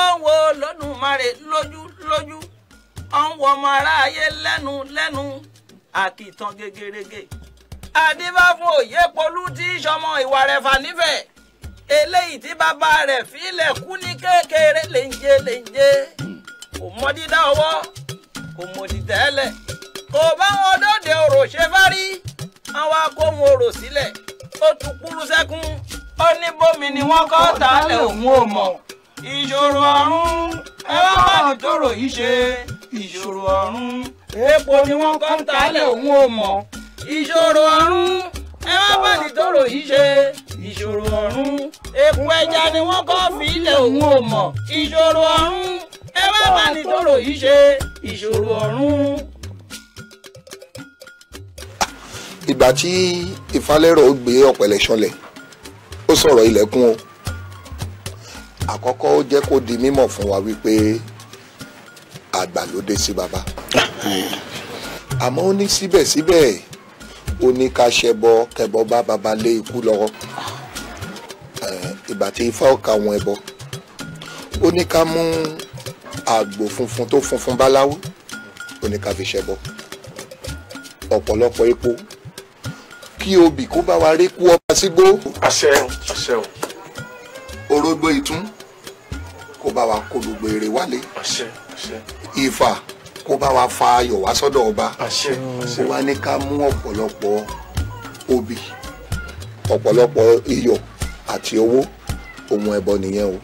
ó ń wo lọ́dún márè lójú lójú ó ń wọ ọmọ aráyé lẹ́nu lẹ́nu àkìtàn gẹ́gẹ́rẹ́gẹ́ àdìbá fún òye polú tí ìṣọmọ ìwà rẹ̀ fà nífẹ̀ẹ́ eléyìí tí bàbá rẹ̀ fílẹ̀ kú ní kékeré léńjé léńjé kò mọ dídá ọwọ́ kò mọ dìtẹ́lẹ̀ kò bá wọn dóde òrò ṣe bá rí àwọn akóhun òrò sílẹ̀ ó tún kúrú sẹ́kún ó ní bómi ni wọ́n kọ́ tálẹ̀ òun ò mọ̀ ìṣòro ọ̀run ẹ bá bá ìjòrò yìí ṣe ìṣòro ọ̀run epo ni wọ́n kọ́ ń talẹ̀ òun ò mọ̀ ìṣòro ọ̀run ẹ má bà ní tòrò yìí ṣe ìṣòro ọ̀run epo ẹja ni wọ́n kọ́ fi òun ò mọ̀ ìṣòro ọ̀run ẹ má bà ní tòrò yìí ṣe ìṣòro ọ̀run. ìgbà tí ìfalẹ́rọ̀ gbé ọ̀pẹ̀lẹ̀ ṣọlẹ̀ ó sọ̀rọ̀ ilẹ̀kùn o àkọ́kọ́ ó jẹ́ kó di mímọ̀ fún wa wípé àgbàlódé sí baba ah. àmọ́ ó ní síbẹ̀síbẹ̀ ó ní ká ṣẹbọ kẹbọ bá baba lé ikú lọ́wọ́ ìgbà tí ifá ọ̀ka wọn ẹbọ ó ní ká mú àgbò funfun tó funfun báláwú ó ní ká fi ṣẹbọ ọ̀pọ̀lọpọ̀ epo kí obì kó bá wa rékú ọba sígbó. àṣẹ àṣẹ o. orógbó ìtún kó bá wa kó gbogbo èrè wálé. àṣẹ àṣẹ ifá kó bá wa fa ayọ̀ wá sọ́dọ̀ ọba kó wá ní ká mú ọ̀pọ̀lọpọ̀ obì ọ̀pọ̀lọpọ̀ iyọ̀ àti owó ohun ẹbọ nìyẹn o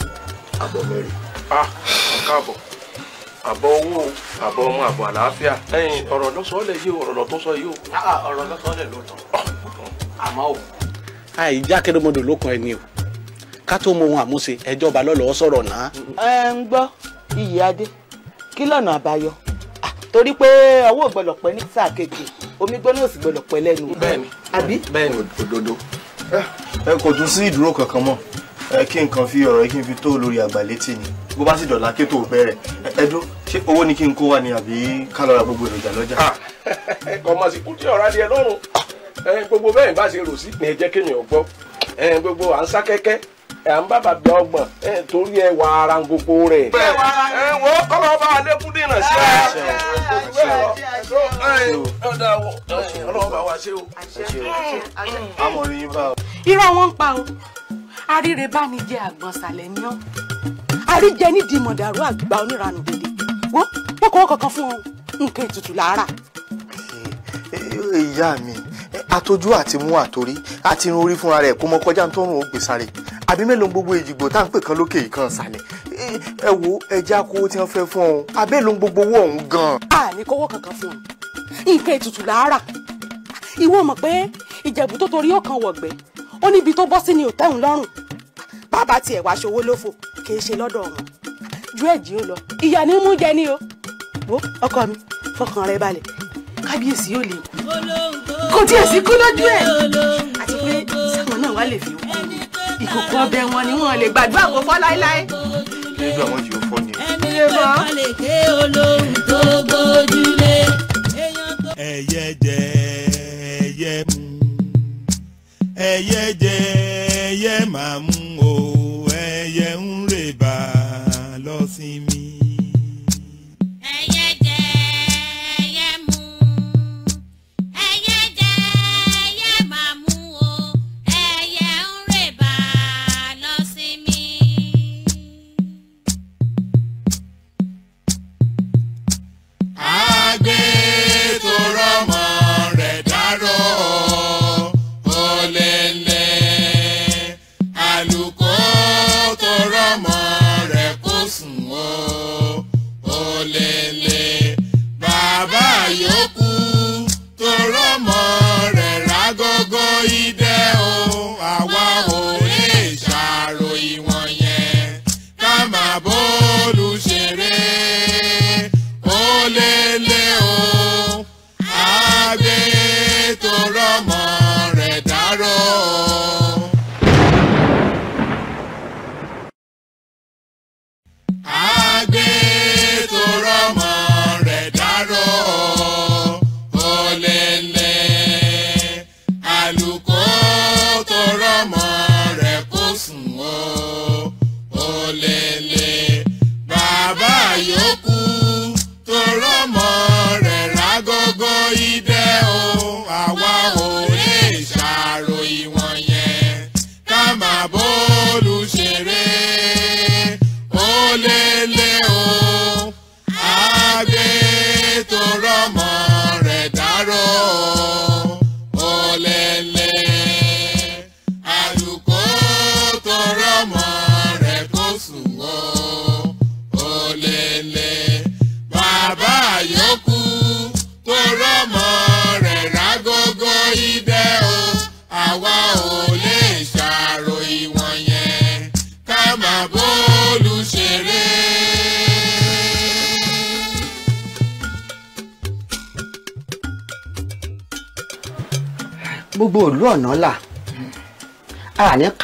àbọ̀ mẹ́rin. a káàbọ̀ àbọ̀ owó àbọ̀ ọmọ àbọ̀ àlàáfíà ẹ̀yin ọ̀rọ̀ lọ́sọ̀ọ́lẹ̀ yìí ọ̀rọ̀ lọ́tọ́ sọ yìí o. ọ̀rọ̀ lọ́sọ̀ọ́lẹ̀ ló tán àmọ́ o. àì jákèrèmọdò ló kan ẹni o ká tó mọ ohun àmúṣe ẹjọba lọ́lọ́ọ́ sọ̀rọ̀ náà. ẹ ń gbọ́ iyì adé kí lọ́nà àbáyọ ah, torí pé ọwọ́ gbọ́dọ̀ pẹ́ ní sáà kejì omi gbọ́dọ̀ òsì gbọ́dọ̀ pẹ́ lẹ́nu. bẹ́ẹ̀ni àbí. bẹ́ẹ̀ni òdodo eh, ẹ kò tún sí ìdúró kankan mọ́ ẹ kí nǹkan fi ọ̀rọ̀ yìí kí n fi tó olórí àgbà létí ni bó bá sì dọ̀la kí tó bẹ̀rẹ̀ ẹdún ṣé owó ni kí n kó wá ni àbí ká lọ ra gbogbo èròjà lọ́jà. Ah, kọ̀mọ̀ sí kútí ọ̀rá di ẹ lọ́rùn eh, gbogbo bẹ́ẹ̀ bá ṣe rò sí ni ẹ kéèyàn gbọ́ eh, gbogbo à ń sá kẹ́kẹ́ ẹ̀ ń bá bàbá ọgbọ̀n ẹ̀ torí ẹ̀ wà ara gbogbo rẹ̀. ẹ wo kọ́lọ́ ọba alẹ́kùn dènà sí ẹ. irọ́ wọn ń pa o àríre bá ní jẹ àgbọ̀nsálẹ̀ ní ọ́ àríjẹ nídìí mọ̀dàrú àgbà oníranù dèdè wo wọn kò wọ́n kankan fún ọ nǹkan ètùtù làárà. ìyá mi àtọjú àti mú àtòrí àti irun orí fúnra rẹ̀ kó mọ kọjá tó ń rún ó gbèsàrè àbí mélòó gbogbo èjìgbò tá à ń pè kan lókè ìkan ìsàlẹ̀ ẹ wo ẹja kó tí wọ́n fẹ́ fún ọ àbẹ́ ló gbogbo owó ọ̀hún gan. a ní kọ́wọ́ kankan fún un nǹkan ètùtù làárà ìwọ mọ̀ pé ìjẹ̀bù tó torí ọkàn wọ̀gbẹ́ ó níbi tó bọ́ sí ni ò tẹ́hùn lọ́rùn bàbá tiẹ̀ wá ṣòwò lófo kì í ṣe lọ́dọ̀ wọn ju ẹ̀jì ó lọ ìyá ni mú jẹ ní o wo ọkọ mi fọkàn rẹ balẹ̀ kábíyèsí yóò lè kú kò tiẹ̀ sí kú lójú ẹ̀ àti pé sáwọn náà wá lè fi kú ìkòkò ọbẹ̀ wọn ni wọ́n lè gbàgbé àwọn fọ́ láéláé. nígbà wọn yóò fọ ni. ẹni bẹ́ẹ̀ lè ké olóhùn tó gbójúlé. ẹyẹ jẹ ẹyẹ mu ẹyẹ jẹ ẹyẹ máa mu o ẹyẹ ń rè bá lọ sí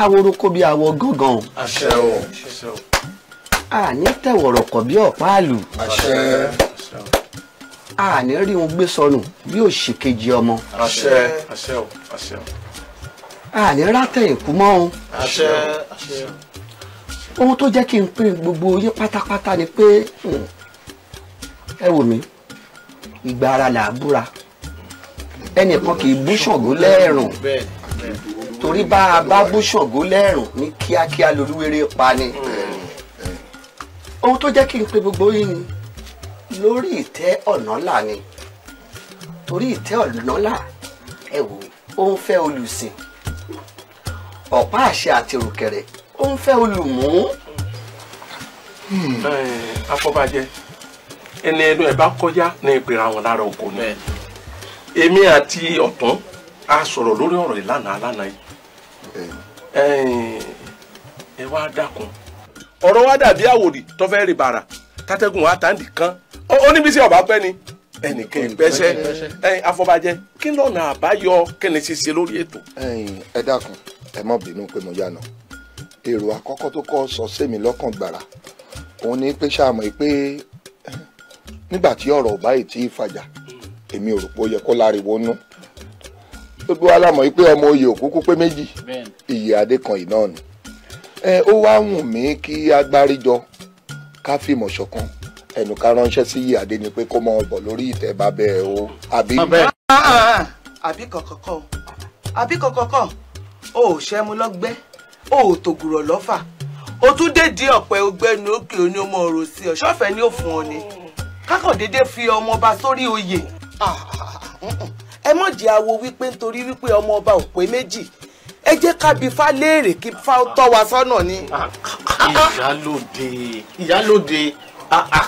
káwóró kó bí awọ gángan o. àṣẹ o. àní tẹ̀wọ̀rọ̀ kọ̀ bí ọ̀pá àlù. àṣẹ. àní rí wọn gbé sọnù bí òṣìkejì ọmọ. àṣẹ o àṣẹ o. àní rátẹ̀ ìkú mọ́ o. àṣẹ àṣẹ. ohun tó jẹ́ kí n pè gbogbo yín pátápátá ni pé hmm, ẹ wò mí ìgbà ara là á búra ẹnìkan kì í bú Ṣàngó lẹ́ẹ̀rùn torí bá a bá bú ṣògo lẹ́rùn ní kíákíá lolúwere pa ni ohun tó jẹ́ kí n pe gbogbo yín ni lórí ìtẹ́ ọ̀nàlà ni torí ìtẹ́ ọ̀nàlà ẹ wò ó ń fẹ́ olùsìn ọ̀pá àṣẹ àti òrùkẹ̀rẹ̀ ó ń fẹ́ olùmú. Hmm. afọbajẹ ẹni ẹnu ẹ bá kọjá ní ìpèrè àwọn lára oko ni èmi àti ọ̀tún a sọ̀rọ̀ lórí ọ̀rọ̀ ìlànà alánà yìí ẹ wá dákun ọ̀rọ̀ wa dàbí àwòrì tó fẹ́ rí bàrà tátẹ́gùn wa tàǹdì kan ó níbi tí ọba pẹ́ ni ẹnìkan ìgbẹ́sẹ̀ ẹyin afọbajẹ kí lọ́nà àbáyọ kẹ́ni ṣíṣe lórí ètò. ẹ dákun ẹ má bínú pé mo yànà èrò àkọ́kọ́ tó kọ́ sọ sẹ́mi lọ́kàn gbàrà òun ni pé ṣàmọ̀ pé nígbà tí ọ̀rọ̀ ọ̀bá yìí ti fàjà hmm. èmi ò rò pé ó yẹ kó láriwo nú. gbogbo wa la mọ̀ wípé ọmọ oyè òkúkú pé méjì ìyè adé kan yìí náà ni ó wá wù mí kí agbáríjọ ká fìmọ̀ ṣọ̀kan ẹnu ká ránṣẹ́ sí ìyè adé ni pé kó mọ ọbọ̀ lórí ìtẹ́ bàbá ẹ̀ o àbí. Ah, ah, ah, àbí kọ̀kọ̀kọ̀ àbí kọ̀kọ̀kọ̀ o ò ṣẹ́mu lọ́gbẹ́ o ò tògùrọ̀ lọ́fà o tún dédé ọ̀pẹ ọgbẹ́ni òkè oní ọmọ ọ̀rọ̀ sí ọ ṣọ́ọ̀fẹ́ ni ó fún ọ ni kákàn déédéé fi ọmọ ọba sórí oyè ẹ mọ̀ jẹ́ àwo wípé nítorí wípé ọmọ ọba ò pé méjì ẹ jẹ́ ká bi fá léèrè kí fá tọ́ wa sọ́nà ni. ìyálòde ìyálòde ah, ah.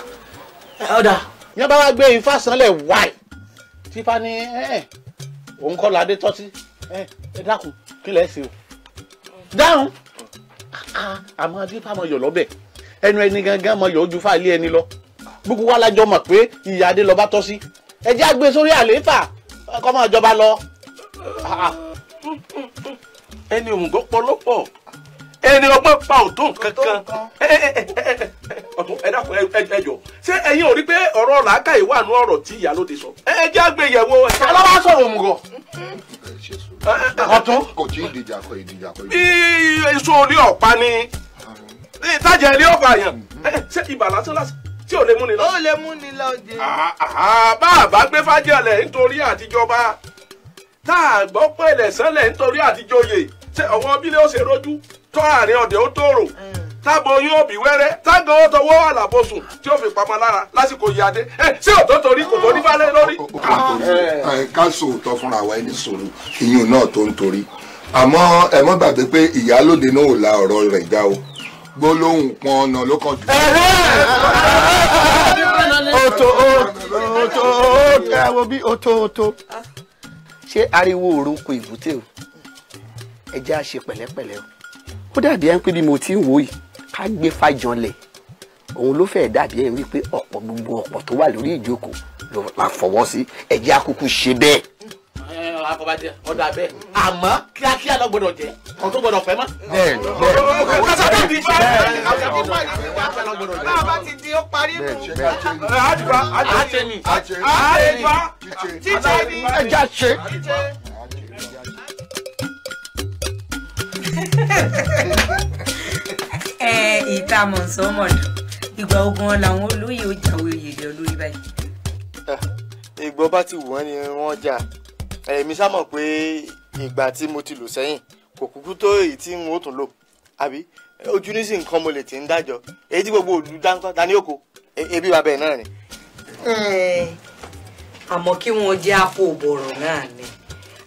ọ̀dà yẹn bá wá gbé ifá sanlẹ̀ wáì tífá ní òun kọ́ ládé tọ́sí ẹ dákun kí lẹ́ẹ̀ ṣe o dáhùn àmọ́ adífá mọ̀ yọ̀ lọ́bẹ̀ ẹnu ẹni gangan mọ̀ yọ̀ ojú fáìlì ẹni lọ gbogbo wa lájọ mọ̀ pé ìyá adé lọ́ba tọ́sí ẹ jẹ́ àgbẹ̀ sórí àlééfà kọ́ máa jọba lọ. ẹni òmùgọ̀ pọ̀lọpọ̀ ẹni ọgbọ́n pa òtún kankan ẹ dákun ẹ jọ ṣé ẹ̀yin ò rí pé ọ̀rọ̀ làákàyè wà nú ọ̀rọ̀ tí ìyálóde sọ ẹ jẹ́ àgbéyẹ̀wò ẹ̀. alọ́ bá sọ̀rọ̀ òmùgọ̀ ọtún. kò tí ì dìjà kọ ìdìjà kọ. bí èso orí ọ̀pá ni tájà ilé ọ̀pá yẹn ṣé ibà lásán lásán tí ò lè mú ni lọ. ó lè mú ni lọ jẹ. bá a bá gbé fájọlẹ̀ nítorí àtijọba tá a gbọ́ pé ẹlẹ́sánlẹ̀ nítorí àtijọyè ṣe ọ̀wọ́n bílẹ̀ ó ṣe rojú tọ́ àárín ọ̀dẹ̀ ó tòrò tábọ̀ yín òbí wẹ́rẹ́ tágàn ó tọwọ́ àlàbọ̀sùn tí ó fi pamọ́ lára lásìkò yìí adé ṣé òtó torí kò tó ní falẹ̀ lórí. ká sòótọ́ fúnra wa ẹni sòrò ìyún náà tó ń torí àmọ́ ẹ mọ́ gbàgbé pé ìyálóde náà ò la ọ̀rọ̀ rẹ̀ já o gbólóhùn pọn ọ̀nà ló kàn jù. oto oto oto ẹ wo bí oto oto ṣé ariwo òru kò ìbúté o ẹ jẹ́ àṣe pẹ̀lẹ́pẹ̀lẹ́ o ó dàbí ẹ ń pé bí mo ti ń wò yìí ká gbé fàjọlẹ̀ òun ló fẹ́ẹ́ dàbí ẹ wípé ọ̀pọ̀ gbogbo ọ̀pọ̀ tó wà lórí ìjókòó ló máa fọwọ́ sí ẹ jẹ́ ṣe bẹ́ẹ̀ akọbajẹ ọdọ abẹ àmọ́ kíákíá lọ gbọ́dọ̀ jẹ ọtún gbọ́dọ̀ pẹ́ mọ́. bẹ́ẹ̀ bẹ́ẹ̀ kásádà ti di bàbá ti di ó parí mu. àjùbá àjẹni àjẹni jíjẹ ni ẹja ṣe. ẹ ìta mọ̀nsọ́mọ̀dù ìgbà ogun ọ̀la àwọn olóyè ó jáwé oyè lọ lórí báyìí. ìgbọ́ bá ti wọ́n ni wọ́n jà èmi sá mọ̀ pé ìgbà tí mo ti lò sẹ́yìn kò kúkú tó èyí tí n ó tún lò àbí ojú ní sì nǹkan mo lè ti ń dájọ èyí tí gbogbo òdu dáńkọ́ dání òkò e, ebi bàbá ẹ̀ náà ni. àmọ́ kí wọ́n jẹ́ àpò òbọ̀rọ̀ náà ni.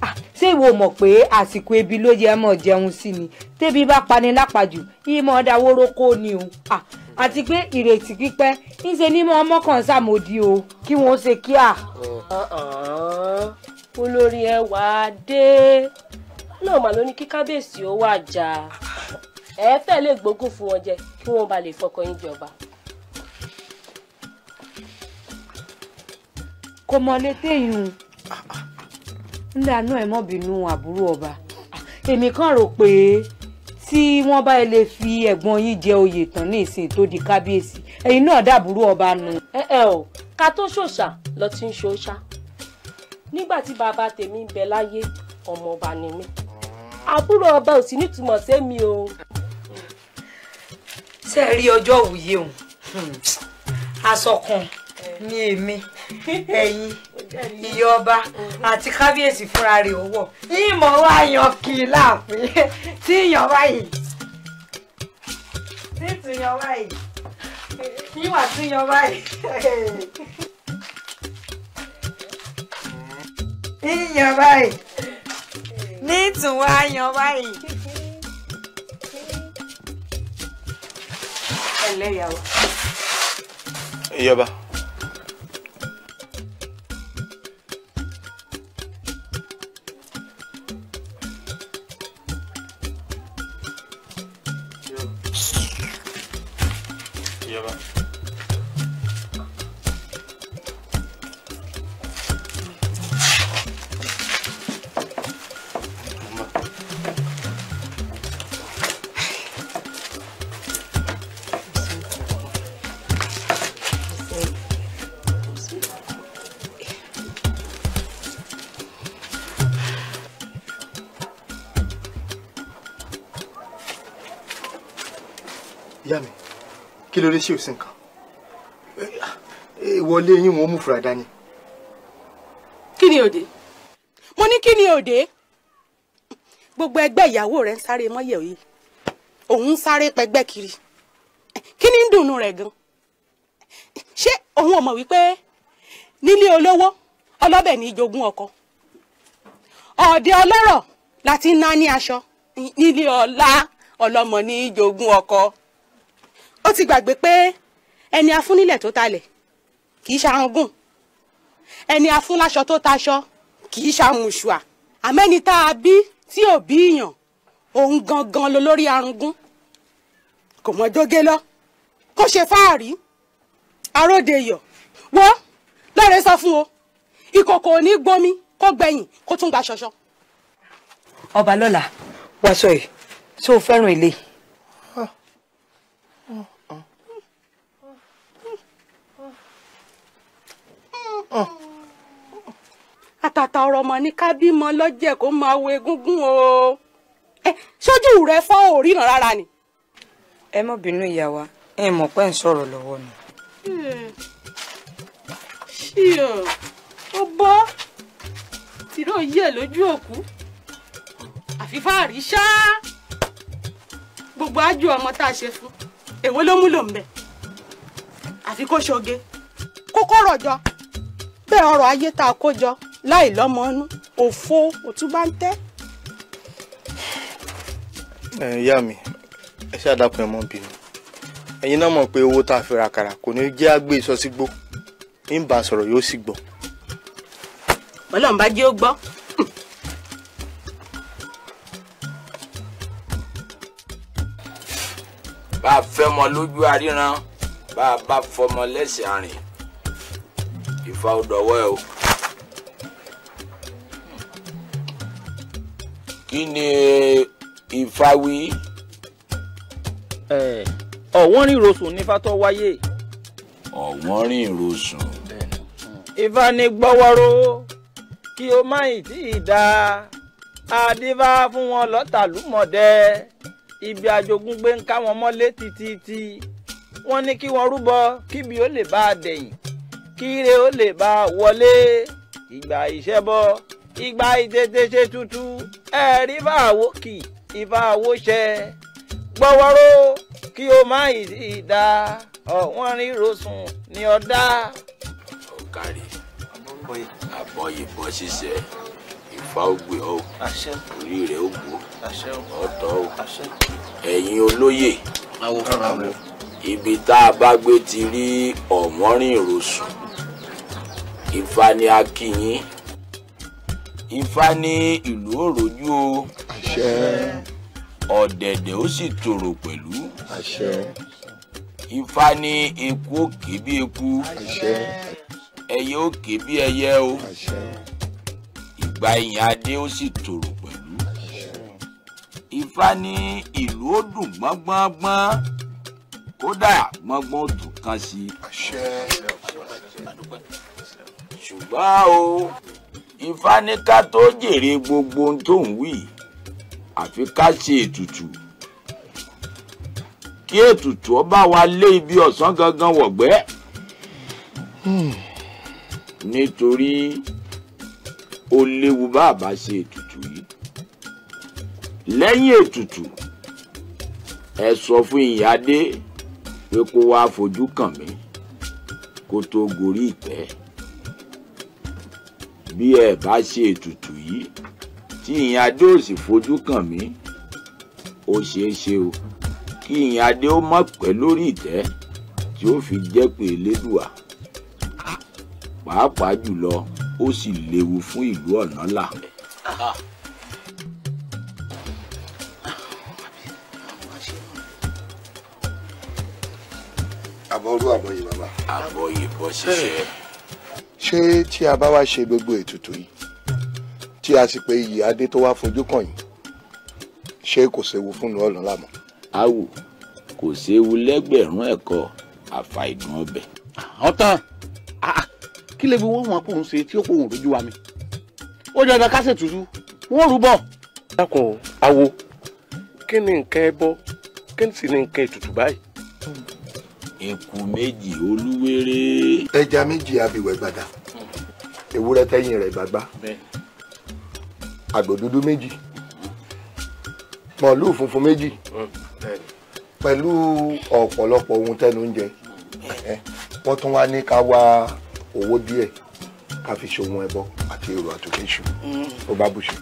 Ah, ṣé ìwọ mọ̀ pé àsìkò ebi ló yẹ mọ̀ jẹun sí ni tẹ́bi bá pani lápajù ìmọ̀ dáwóró kó ni o ah, àti pé ìrètí pípẹ́ ńṣe ni mo mọ́kàn sàmòdì o kí wọ́n ṣe kíá. Uh-uh olórí ẹwà dé náà mà ló ní kí kábíyèsí ó wàjà ẹ fẹ́ lè gbógun fún wọn jẹ kí wọ́n ba lè fọkàn yín jọba. kò mọ létí ìyún ńlá náà ẹ bínú àbúrò ọba èmi kàn rò pé tí wọ́n bá lè fi ẹ̀gbọ́n yín jẹ oyè tán ní ìsìn tó di kábíyèsí ẹ̀yin náà dàbúrò ọba nù. ẹ ẹ o ká tó ṣòṣà lọ ti ń ṣòṣà nígbà tí bàbá tèmi ń bẹ láyé ọmọọba ni mí àbúrò ọba ò sí nítumọ̀ sẹ́mi o. ṣé ẹ rí ọjọ́ òwúyẹ o aṣọ kan ni èmi ẹ̀yin ìyá ọba àti kábíyèsí fúnra rẹ̀ ọwọ́ ìmọ̀ wa yan kì í láàpín tí yan báyìí tí yan báyìí ìwà tún yan báyìí. yíyan báyìí nítùnwá yan báyìí. ẹlẹ́yàwó. ìyọba. kí ló dé sí òsín kan ìwọlé yín wọn mú fura dání. kí ni òde mo ní kí ni òde gbogbo ẹgbẹ ìyàwó rẹ̀ ń sáré mọ́yẹ̀ yìí òun ń sáré pẹgbẹ́ kiri kí ni ń dùnnú rẹ̀ gan ṣé òun ò mọ̀ wípé nílé olówó ọlọ́bẹ̀ ní jogún ọkọ ọ̀dẹ ọlọ́rọ̀ láti ná ní aṣọ nílé ọlá ọlọ́mọ ní jogún ọkọ. ó ti gbàgbé pé ẹni afúnilẹ̀ tó talẹ̀ kì í ṣarangùn ẹni afúnláṣọ tó taṣọ kì í ṣamùṣùà àmẹ́ni tá a bí tí ò bí ìyàn òun gangan ló lórí arangún kò mọ jóge lọ kó ṣe fáàrí aródeyọ wo lọ́rẹ́ sọ fún o ìkòkò ò ní gbomi kó gbẹ̀yìn kó tún gba ṣọṣọ. ọba lọ́la wàṣọ yìí tó o fẹ́ràn ilé tàtà ọ̀rọ̀ mọ̀ ní kábímọ lọ́jẹ̀ kó máa wo egúngún o ẹ ṣojú rẹ fọ́ òríran rárá ni. ẹ mọ̀ bínú ìyá wa ẹ mọ̀ pé ń sọ̀rọ̀ lọ́wọ́ ni. ṣí o ó bọ́ tìró yí ẹ lójú òkú àfi fáàrí ṣá gbogbo ájú ọmọ tá a ṣe fún èwo ló mú lò bẹ àfi kó ṣoge kókó rọjọ bẹ́ẹ̀ ọrọ̀ ayé tá a kó jọ láì lọ́mọ inú òfo òtún bá ń tẹ́. ẹ ìyá mi ẹ ṣe àdàpọ̀ ẹ̀ mọ́ bí mi ẹ̀yin náà mọ̀ pé owó tá a fi ra kàrà kò ní jẹ́ àgbé ìsọsígbó e ń bá a sọ̀rọ̀ yóò sì gbọ́. ọlọ́run bá jẹ́ ó gbọ́. bá a fẹ́ mọ lójú àríran bá a bá fọmọ lẹ́sẹ̀ àrìn ìfà ò dọ̀wọ́ ẹ o. kí ni Ifá wí. ọ̀wọ́n rìn rosùn ní fatọ́ wáyé. ọ̀wọ́n rìn rosùn. Ifá ní gbọ́wọ́rọ́ kí o má ì tí ì da adífá fún wọn lọ́tàlúmọ̀dẹ ibi àjogún gbé ń ká wọn mọ́lé títí wọ́n ní kí wọ́n rúbọ kíbi ó lè bá a dẹ̀yìn kíire ó lè bá a wọlé ìgbà ìṣẹ́bọ ìgbà ìtètè ṣe tutù ẹ̀rí bá àwo kì ìfà àwo ṣẹ gbọ́wọ́rọ́ kí o má ìdá ọ̀wọ́n ríro sùn ní ọ̀dá. ọ̀kàrí àbọ̀yì bọ́ ṣiṣẹ́ ìfà ògbé ọ̀ orí rẹ̀ ó gbó ọ̀tọ̀ ọ̀ ẹ̀yin olóyè ibi tá a bá gbé ti rí ọ̀mọ́rìn ìrosùn ìfani akínyìn ifá ní ìlú òròjú o àṣẹ ọ̀dẹ̀dẹ̀ ó sì tòrò pẹ̀lú àṣẹ ifá ní eku ó ké bí eku àṣẹ ẹyẹ ó ké bí ẹyẹ o àṣẹ ìgbà ìyìn adé ó sì tòrò pẹ̀lú àṣẹ ifá ní ìlú ó dùn gbọ́ngbọ́ngbọ́n kódà gbọ́ngbọ́n ó dùn kan sí i àṣẹ ṣùgbọ́n o. Ifá ní ká tó jèrè gbogbo ohun tó ń wí àfi ká ṣe ètùtù kí ètùtù ó bá wa lé ibi ọ̀sán gangan wọ̀gbẹ́ hmm. nítorí ó léwu bá ṣe ètùtù yìí lẹ́yìn ètùtù ẹ sọ fún ìyáde pé kó wá fojú kàn mí kó tó gorí ìtẹ́ bí ẹ bá ṣe ètùtù yìí tí ìyẹn adé ò sì fojú kàn mí ó ṣeé ṣe o kí ìyẹn adé ó má pẹ́ lórí ìtẹ́ tí ó fi jẹ́ pé elédùà pàápàá jùlọ ó sì léwu fún ìlú Ọ̀nàlà. àbọ̀rú àbọ̀yè bàbá. àbọ̀yè bọ́ ṣiṣẹ́ ṣé tí a bá wá ṣe gbogbo ètùtù yìí tí a sì pé iyì adé tó wá fojú kàn yìí ṣé kò séwu fún un ọ̀làn lámọ̀. kò séwu lẹ́gbẹ̀rún ẹ̀kọ́ àfàìgùn ọbẹ̀. ọ̀tán ah, ah, kí lè wọ́n wọn kò ń ṣe tí ó kò ń rojú wa mi ó jẹ́ ọ̀dọ̀ kásẹ̀ tuntun wọ́n rú bọ̀. dákun awo kí ni nǹkan ẹbọ kí sì ni nǹkan ètùtù báyìí eku méjì olúwéré. ẹja méjì abìwẹ̀ gbàdà ewúrẹ́ tẹ́yìn rẹ̀ gbàgbá àgbò dúdú méjì màálù funfun méjì pẹ̀lú ọ̀pọ̀lọpọ̀ ohun tẹ́nu ń jẹ wọ́n tún wá ní ká wá owó díẹ̀ ká fi ṣòwò ẹbọ àti èrò àtòkè ó bá bù ṣe.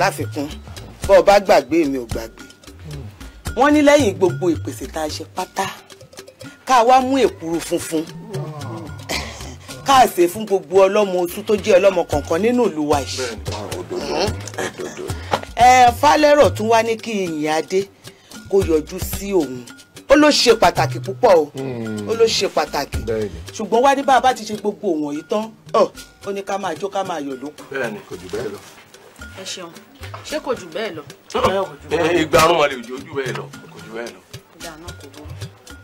láfikún bọ́ ọ bá gbàgbé mi ò gbàgbé hmm. wọ́n ní lẹ́yìn gbogbo ìpèsè tá a ṣe pátá ká wá mú èkuru funfun ká ṣe fún gbogbo ọlọ́mọ otú tó jẹ́ ọlọ́mọ kọ̀ọ̀kan nínú ìlú wa yìí. ẹ falẹ́rọ̀ tún wá ní kí ìyìn adé kó yọjú sí òun ó ló ṣe pàtàkì púpọ̀ o hmm. ó ló ṣe pàtàkì ṣùgbọ́n wá ní bá a bá ti ṣe gbogbo òun yìí tán ó ní ká máa jó ká máa yọ̀ lókun. bẹ́ẹ̀ni kò jù bẹ́ẹ̀ lọ. ẹ ṣeun ṣé kò jù bẹ́ẹ̀ lọ. ìgbà arúmọlẹ̀ òjò jù bẹ́ẹ̀ lọ kò jù bẹ́ẹ̀ lọ. ìdáná kò burú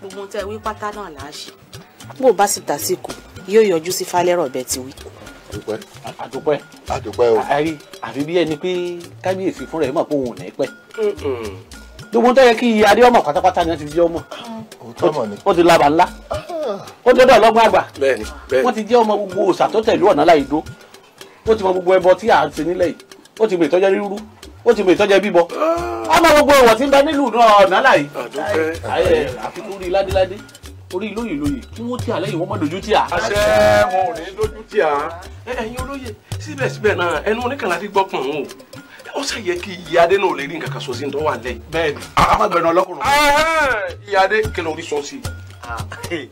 gbogbo tẹ wí pátá náà là á ṣe bó bá sì tàsíkò yóò yọjú sí falẹ́rọ̀ bẹ́ẹ̀ ti wí. àdúpẹ́ àdúpẹ́ àdúpẹ́ o. àrí àfi bí ẹni pé kábíyèsí fúnra ẹ̀ mọ̀ pé òun ò ní pẹ́. gbogbo tó yẹ kí adé ọmọ pátápátá ni wọ́n ti jẹ́ ọmọ wọ́n ti laba ńlá O ah. ti dọ́dọ̀ ọlọ́gbọ́n àgbà wọ́n ti jẹ́ ọmọ gbogbo òòṣà tó tẹ̀lé ọ̀nà láì dó o ti mọ gbogbo ẹbọ tí à ń ṣe nílẹ̀ yìí wọ́n ti mọ ìtọ́jọ́ rírú ó ti mọ ìtọ́jẹ bíbọ ọmọ gbogbo ìwọ̀ tí ń bẹ nílùú ọ̀nà láyé àfikún rí ládéládé orí lóyè lóyè kí wọ́n tí àlẹ́ yìí má dojú tì á. àṣẹ wọn ò ní dojú tì á. ẹ̀yin olóye síbẹ̀síbẹ̀ náà ẹnu oníkànnà ti gbọ́kàn o ó sì yẹ kí ìyáde náà lè rí nǹkan kan sọ sí ní wà lẹ. bẹ́ẹ̀ni a máa gbẹnu ọlọkùnrin. ìyáde kí ló rí sọ sí. Ah,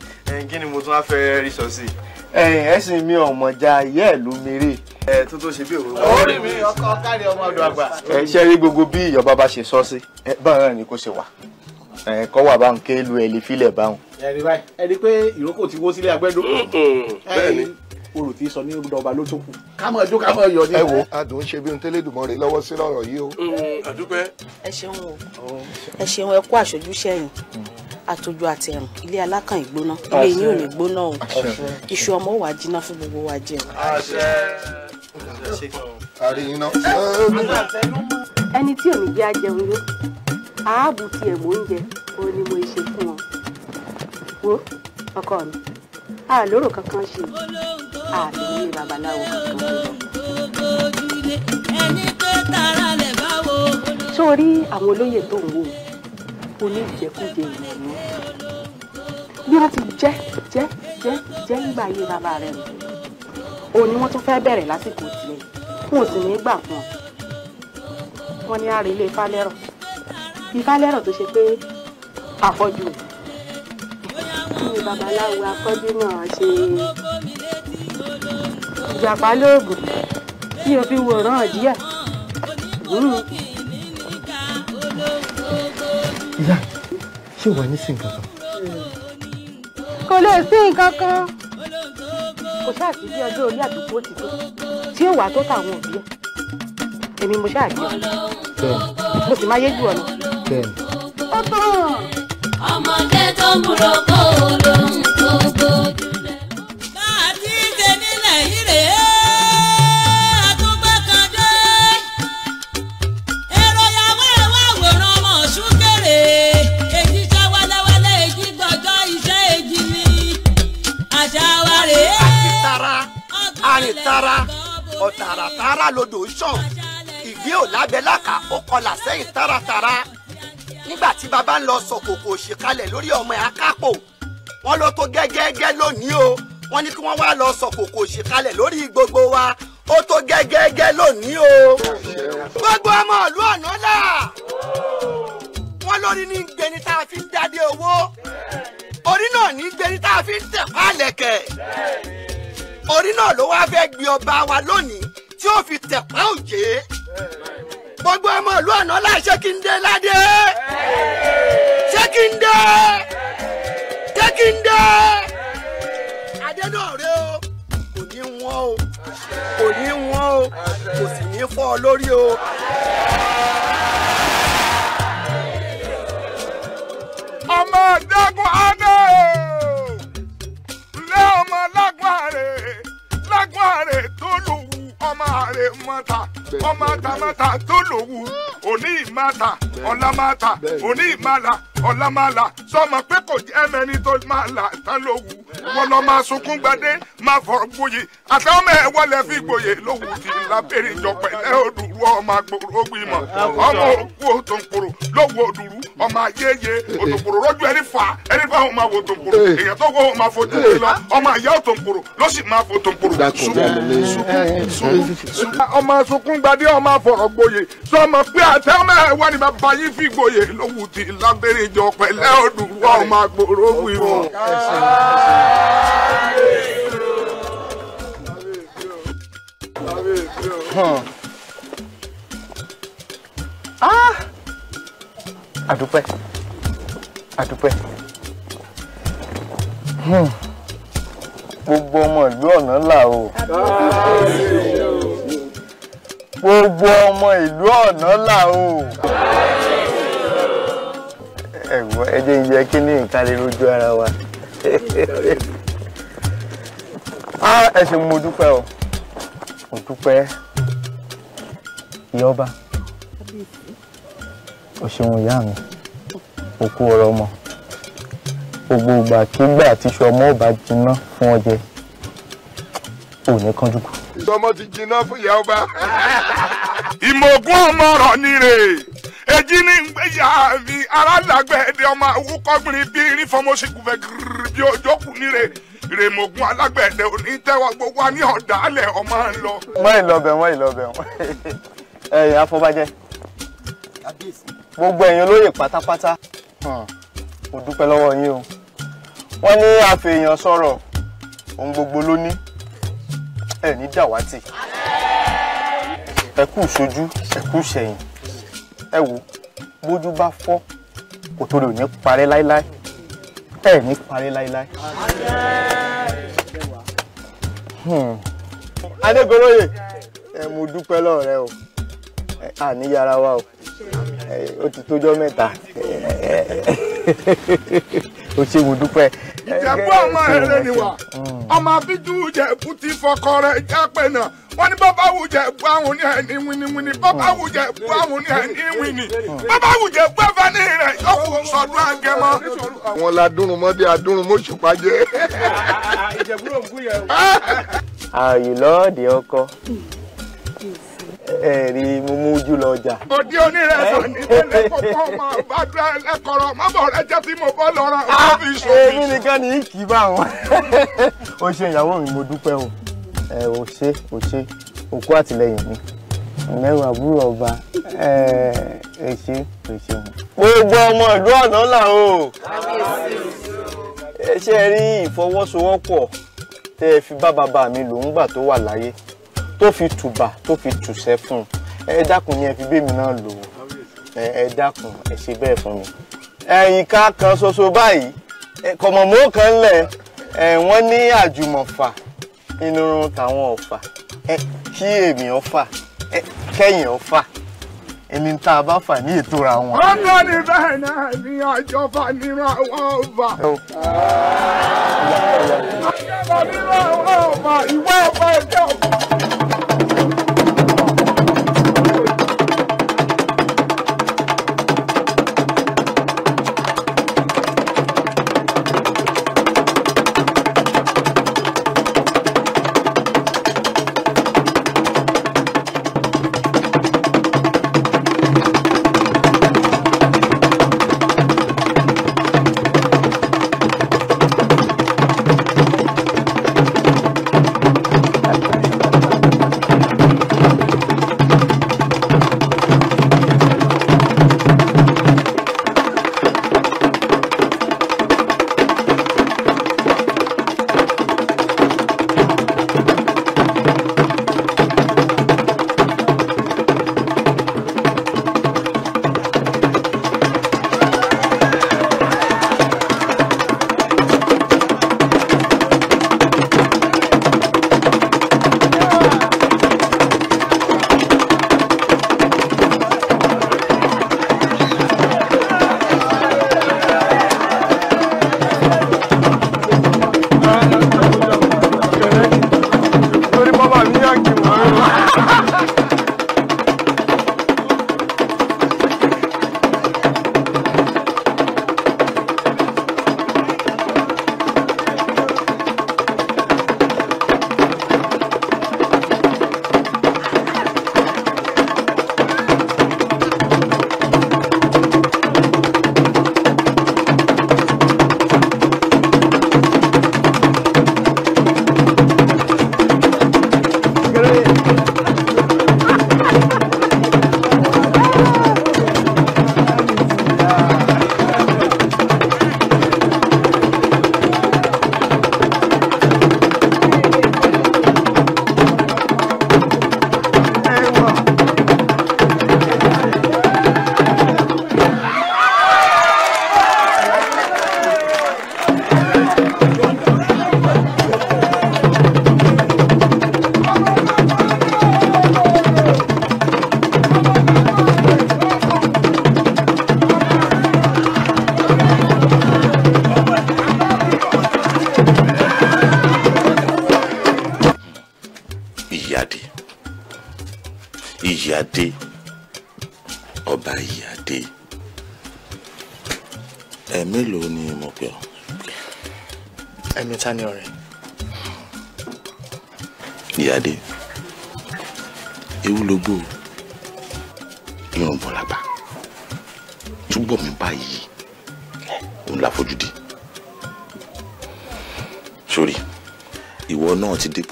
kí ni mo tún á fẹ́ rí sọ sí ẹ̀yìn ẹ̀sìn mi ọ̀mọ̀já ayé ẹ̀ ló mèrè. ẹ tó tó ṣe bí òwe. orí mi ọkọ kárí ọmọ ọdọ àgbà. ẹ ṣe rí gbogbo bí ìjọba bá ṣe sọ sí ẹ báwọn ni kò ṣe wà ẹ kọ́ wà báwọn kéèlú ẹ lè filẹ̀ báwọn. ẹ rí báyìí ẹ rí pé ìrókò ti wó sílé agbẹ́dọ́ orò tí sọ ní dọba ló tó kù. ká mọ̀ jó ká mọ̀ yọ ní. ẹ wo adùn ṣe bí n tẹ́lẹ̀ dùnmọ́ rẹ lọ́wọ́ sí lọ́rọ̀ yìí o. àdúpẹ́. Mm. ẹ ṣeun o ẹ ṣeun ẹ kú àṣojú sẹ́yìn àtòjú àtẹrùn ilé alákàn ìgbóná ilé yín ò ní gbóná o iṣu ọmọ wà jiná fún gbogbo wa jẹun. ẹni tí òní jẹ́ ajẹun ló ààbò tiẹ̀ mò ń jẹ òun ni mo ṣe fún wọn wo ọkọ mi a lóró kankan ṣe àti ilé babaláwo kankan. sórí àwọn olóyè tó ń wò oníjẹkújẹ ìlú bí wọ́n ti jẹ́ jẹ́ jẹ́ jẹ́ ńgbà ayé bàbá rẹ̀ nù òun ni wọ́n tún fẹ́ bẹ̀rẹ̀ lásìkò tiẹ̀ wọn ò sì ní gbà fún ọ wọ́n ní àárẹ̀ ilé falẹ́rọ̀ ìfalẹ́rọ̀ tó ṣe pé àfọ́jú kí ni babaláwo afọ́jú náà ṣe ìjàpá lóògùn tí o fi wòran ìjìyà. Hmm. ìyá ṣé wàá ní sí nǹkan kan. kò lè sí nǹkan kan kò ṣáà sí bí ọjọ́ orí àdúgbò ti tó tí ó wà tó tàwọn òbí ẹ̀ èmi mo ṣáà jẹ́ mo sì máa yé jù ọ̀nà. ọmọdé tó ń burúkú ló ń gbogbo. tààràtààrà ọ̀tààràtààrà lodò sàn ìgbé ò lábẹ́ làkà ó kọlà sẹ́yìn tààràtààrà nígbà tí bàbá ń lọ sọ̀kòkò òṣèkalẹ̀ lórí ọmọ ẹ̀ akápò wọ́n ló tó gẹ́gẹ́gẹ́ lónìí o wọ́n ní kí wọ́n wá lọ sọ̀kòkò òṣèkalẹ̀ lórí gbogbo wa ó tó gẹ́gẹ́gẹ́ lónìí o gbogbo ọmọ ìlú ọ̀nà là wọ́n lórí ní gbeni tá a fi ń dádé owó orí náà ní gbeni tá a fi ń tẹ̀pá lẹ̀kẹ̀ orí náà ló wáá fẹ́ gbé ọba wa lónìí tí ó fi tẹ̀pá òjé gbogbo ọmọ ìlú àná láì ṣé kí n dé ládé ṣé kí n dé ṣé kí n adé náà rè o kò ní wọ́n o kò ní wọ́n o kò sì ní fọ́ ọ lórí o. ọmọ ọ̀dọ́gun adé lágùn àrè lágùn àrè tó lù ọmọ àrè mọ́ta ọmọ àtàmọ́ta tó lòwú òní ìmáta ọ̀làmáta òní ìmála ọ̀làmála sọmọ pé kò jẹ́ mẹ́ni tó máa là tán lòwú wọn lọ máa sunkún gbadé máa fọ gboyè àtàwọn ẹ wọlé fi gboyè lòwú ti la bèrè ìjọpẹ ẹ òdùrú ọmọ agbòrò gbìmọ ọmọ òkú òtòǹkòrò lòwú òdùrú ọmọ ayéye òtòǹkòrò rọjò ẹni fà ẹni fà ọmọ àwọn òtòǹkòrò eh. èèyàn tó kọ eh. ọmọ àfojúdi lọ ọmọ àyà òtòǹkòrò ló sì máa fò òtòǹkòrò sùn sùn sùn ọmọ sunkún gbadé ọmọ àfọ̀rọ̀ gboyè sọmọ pé àtẹ́mọ̀ ẹ̀wọ́ ni bàbá yín fi gboyè lówù tí lábẹ́rẹ́ ìjọ pẹ̀lẹ́ ọdún ọmọ àgbòrò wíwọ̀. àdúpẹ́ ah! àdúpẹ́ hmm. gbogbo ọmọ ìlú ọ̀nà là o gbogbo ọmọ ìlú ọ̀nà là o. ẹ̀gbọ́n ẹ jẹ́ ìjẹ́ kí ní nǹkan lè rojú ara wa. Ah, ẹ ṣe mo dúpẹ́ o mo dúpẹ́ ìyá ọba o ṣeun ìyá mi o kú ọ̀rọ̀ ọmọ gbogbo ìgbàkigbà àti iṣu ọba jiná fún ọjẹ ò ní tọmọ ti jiná ọba. ìmọ̀gún ọmọ ọ̀rọ̀ ni rè èjì ní gbéyà mi alálàgbẹ̀ẹ́dẹ ọmọ awúkọ́gbìnrin bí irin fọmọ́sí kùfẹ́ gírí bí ojókùn ni rè rèmọ̀gún alágbẹ̀dẹ òní tẹ́wọ́ gbogbo wa ní ọmọ ń lọ. wọ́n wọ́n wọ́n ẹ̀yìn gbogbo olóyè pátápátá dúpẹ́ lọ́wọ́ o wọ́n ní sọ̀rọ̀ ohun gbogbo ló ní ẹ ní dàwátì ẹ kú ìṣojú ẹ kú ìṣẹ̀yìn ẹ wo bójú bá fọ́ òtòrò ní parẹ́ láéláé ẹ ní parẹ́ láéláé. Hmm. adégoróyè ẹ mo dúpẹ́ lọ́rẹ́ o àníyàrá wa o ó ti tójọ́ mẹ́ta ó ṣe mo dúpẹ́ ìjẹ̀bú ọmọ eré nìwà ọmọ abíjú jẹ̀bú ti fọkọ rẹ̀ jápẹ̀ náà wọ́n ní bàbá wù jẹ̀bú àwọn oní ẹni winiwini bàbá wù jẹ̀bú àwọn oní ẹni wini bàbá wù jẹ̀bú ẹ̀fẹ̀ ní rẹ̀ yọkù sọ̀dún àgẹmọ. àwọn la dúró mọ́dé adúrún mọ́ṣùpá jẹ́. àyùlọ́ọ̀dì ọkọ ẹ̀rí mo mú jù lọ ọjà. òde onírẹsọ ní tẹ́lẹ̀ kọ́kọ́ ọmọ àbádọ́ ẹlẹ́kọ̀ọ́rọ̀ mọ́bọ̀ rẹ jẹ́ tí mo bọ́ lọ́ra wọ́n fi ah, ṣòfò. èmi nìkan ní kì í bá wọn. o ṣe ìyàwó mi mo dúpẹ́ o ẹ o ṣe o ṣe o kú àtìlẹyìn mi mẹ́wàá àbúrò ọba ẹ ẹ ṣe o ṣe. gbogbo ọmọ ìlú ọ̀nà là o. ẹ ṣe rí ìfọwọ́sowọ́pọ̀ tẹ́ ẹ fi bá bàbá mi lòún gbà tó wà láyé tó fi tùbà tó fi tùṣẹ́ fún un ẹ dákun ni ẹ fi bẹ́ẹ̀ mi náà lò ó ẹ dákun ẹ ṣe bẹ́ẹ̀ fún mi. ẹ̀yìn ká kan ṣoṣo báyìí kọ̀mọ̀mọ́ kan lẹ̀ wọ́n ní àjùmọ̀fà inú tàwọn ọ̀fà kí èmi ọ̀fà kẹ́yìn ọ̀fà ẹni tá a bá fà ní ètò ra wọn. ọ̀nà ni bẹ́ẹ̀ náà ni àjọba nira wọn ò àjọba nira wọn ò ìwé ọ̀fà ẹ̀jẹ̀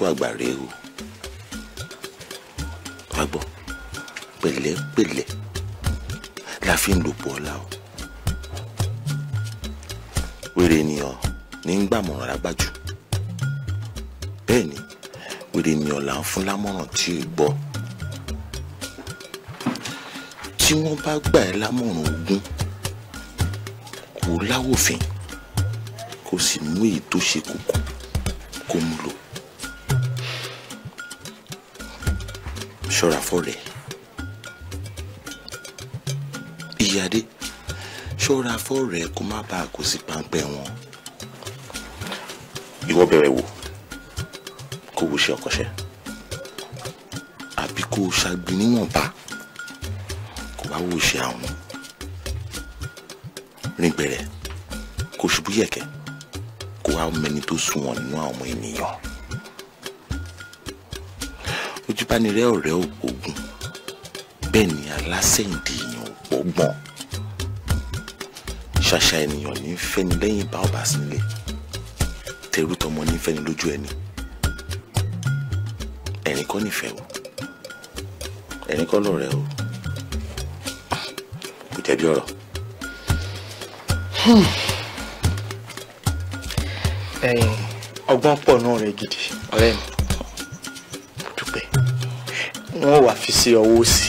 òkú àgbà rèé o wá gbọ́ pẹ̀lẹ́pẹ̀lẹ́ la fi ń lòpọ ọlá o wèrè ènìyàn ní ń gbàmọ̀ràn lágbájú bẹ́ẹ̀ ni wèrè ènìyàn là ń fún lámọ̀ràn tí ì gbọ́ tí wọ́n bá gbà ẹ́ lámọ̀ràn bẹ̀rẹ̀ wò kó o ṣe ọkọṣẹ́ àbí kó o ṣàgbìn níwọ̀nba kó wá wo ṣe àwọn rìn gbẹ̀rẹ̀ kó ṣubú yẹ̀kẹ́ kó wá mẹni tó sunwọ̀n nínú àwọn ènìyàn ojúbánirẹ́ ọ̀rẹ́ ògùn bẹ́ẹ̀ ni alásẹ̀ǹdì èèyàn ò ṣàṣà ènìyàn ní fẹ́ni lẹ́yìn bá ọ̀bá sílẹ̀ lójú ẹni ẹ̀rín kọ́ nífẹ̀ẹ́ o ẹ̀rín kọ́ lọ̀rẹ́ o kò jẹ̀bi ọ̀rọ̀. Hmm. ọgbọ́n pọ̀ náà rẹ̀ gidi ọ̀rẹ́ mi dúpẹ́ wọn wà fi sí ọwọ́ sí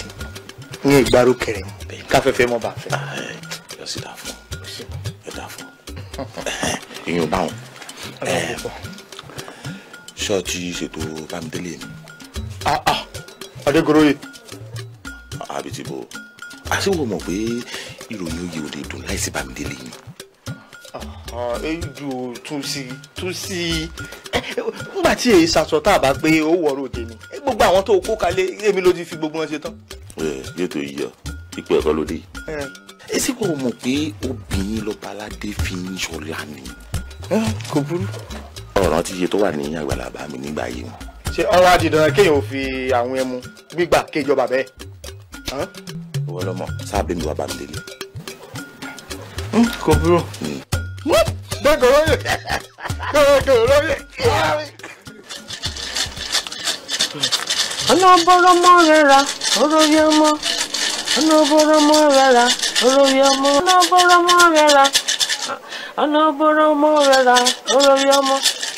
ní ìgbárùkẹrẹ káfẹ́fẹ́ mọ́ bá fẹ́. Ah, yọ sí dáa yọ dáa ìyún báwọn ṣọ́ọ̀tì ṣètò bámidélé mi. Ah, ah, adégoróyè. àbí ah, ti bo àṣìwò mọ̀ pé ìròyìn oyè ò lè dùn láìsí bámidélé yìí. èyí ju tún sí tún sí eh, eh, nígbà tí èyí ṣàṣọ tá a bá pé ó wọ̀rọ̀ òde ni eh, gbogbo àwọn tó kó kalẹ̀ èmi ló ti fi gbogbo wọn ṣe tán. ẹ yóò tó yíyọ ipò ẹ̀kọ́ ló dé. èsì kò mọ̀ pé obìnrin lọ́ba aládé fi ń ṣọlá ni. kò burú ọ̀ràn ti ṣe tó wà ní àgbàlá bá mi nígbà yìí wọn. ṣé ọ̀rọ̀ àdìdàn kéèyàn fi àwọn ẹmu gbígbà kéjọba bẹ́ẹ̀. ìwọ lọmọ sábẹ́ mi wà bá mi délé. Hmm, kò búrò. Hmm. Hmm, dẹ́kun lóye dẹ́kun lóye. ọlọ́bọ̀rọ̀ mọ́ rẹ̀ ra oróyè ọmọ ọlọ́bọ̀rọ̀ mọ́ rẹ̀ ra oróyè ọmọ ọlọ́bọ̀rọ̀ mọ́ rẹ̀ ra ọlọ́bọ̀rọ̀ mọ́ rẹ̀ ra oróyè ọmọ.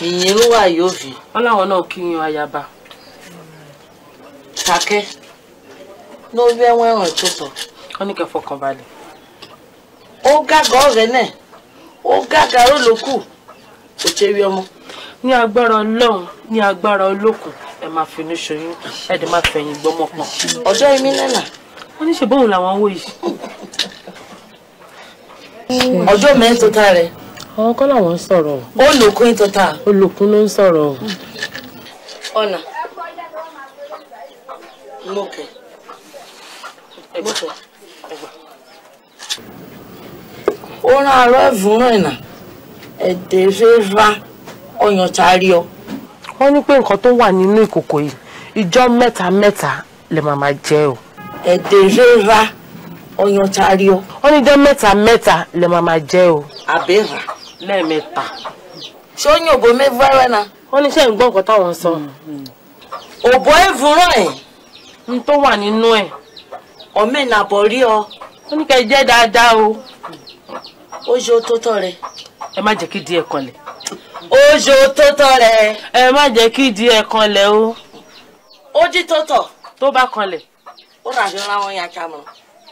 ìyẹn ló wà yóò fi. wọn láwọn náà kí yan ayaba. sàkẹ́ lórí ẹ̀wọ̀n ẹ̀ràn tó sọ. wọn ní kẹ́ fọkàn balẹ̀. ó gàgà ọ̀rẹ́ náà ó gàgà ó ló kù kò ṣe rí ọmọ. ní agbára ọlọ́run ní agbára olókun ẹ máa fi inú ṣoyún ẹ dẹ̀ máa fẹ̀yìn gbọ́mọ pọ̀n. ọ̀dọ́ èmi nẹ́nà. wọ́n ní ṣe bóun làwọn wò yìí. ọjọ́ mẹ́rin rẹ̀ àwọn kọ́ làwọn ń sọ̀rọ̀. olùkún ní tọ́ta. olùkún ló ń sọ̀rọ̀. ọ̀nà mọ̀kẹ́ mọ̀kẹ́ ó rán arọ́ ẹ̀fúnrán ìnà ẹ̀dẹ̀ fẹ́fà ọyàn tari ọ. wọ́n ní pé nǹkan tó wà nínú ìkòkò yìí ìjọ́ mẹ́ta mẹ́ta lè máa máa jẹ o. ẹ̀dẹ̀ fẹ́fà ọyàn tari ọ. wọ́n ní ìjọ́ mẹ́ta mẹ́ta lè máa máa jẹ o. àbẹ́rà. lẹ́ẹ̀mẹ́ta. ṣé ó yín òbó mi wẹ́wẹ́ na. wọ́n ní sẹ́yìn gbọ́ nǹkan táwọn sọ. òbó èvùrọ̀ ẹ̀. wà nínú ẹ̀. rí ọ. ó ní ẹ jẹ́ dáadáa o. ó ṣe rẹ. ẹ má jẹ́ kí di ẹ̀kan lẹ̀. ó ṣe ó rẹ. ẹ má jẹ́ kí di ẹ̀kan lẹ̀ o. ó dí tó tọ̀. tó bá kan lẹ̀. ó rà kà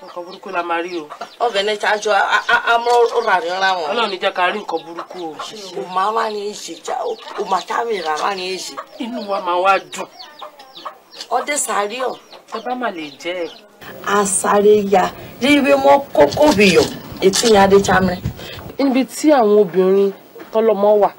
nǹkan burúkú la máa rí o. ọbẹ̀ náà ti aṣọ amúra rẹ̀ ra wọn. ọlọ́run níjà ká rí nǹkan burúkú o. o máa wá ní èsì o máa tábì rà wá ní èsì. inú wa máa wá dùn. ọdẹ sáré ọ. ẹ bá má lè jẹ ẹ. a ya rírí mọ kókó bìyọ ètí yẹn adé chamrẹ. níbi tí àwọn obìnrin tọlọmọ wà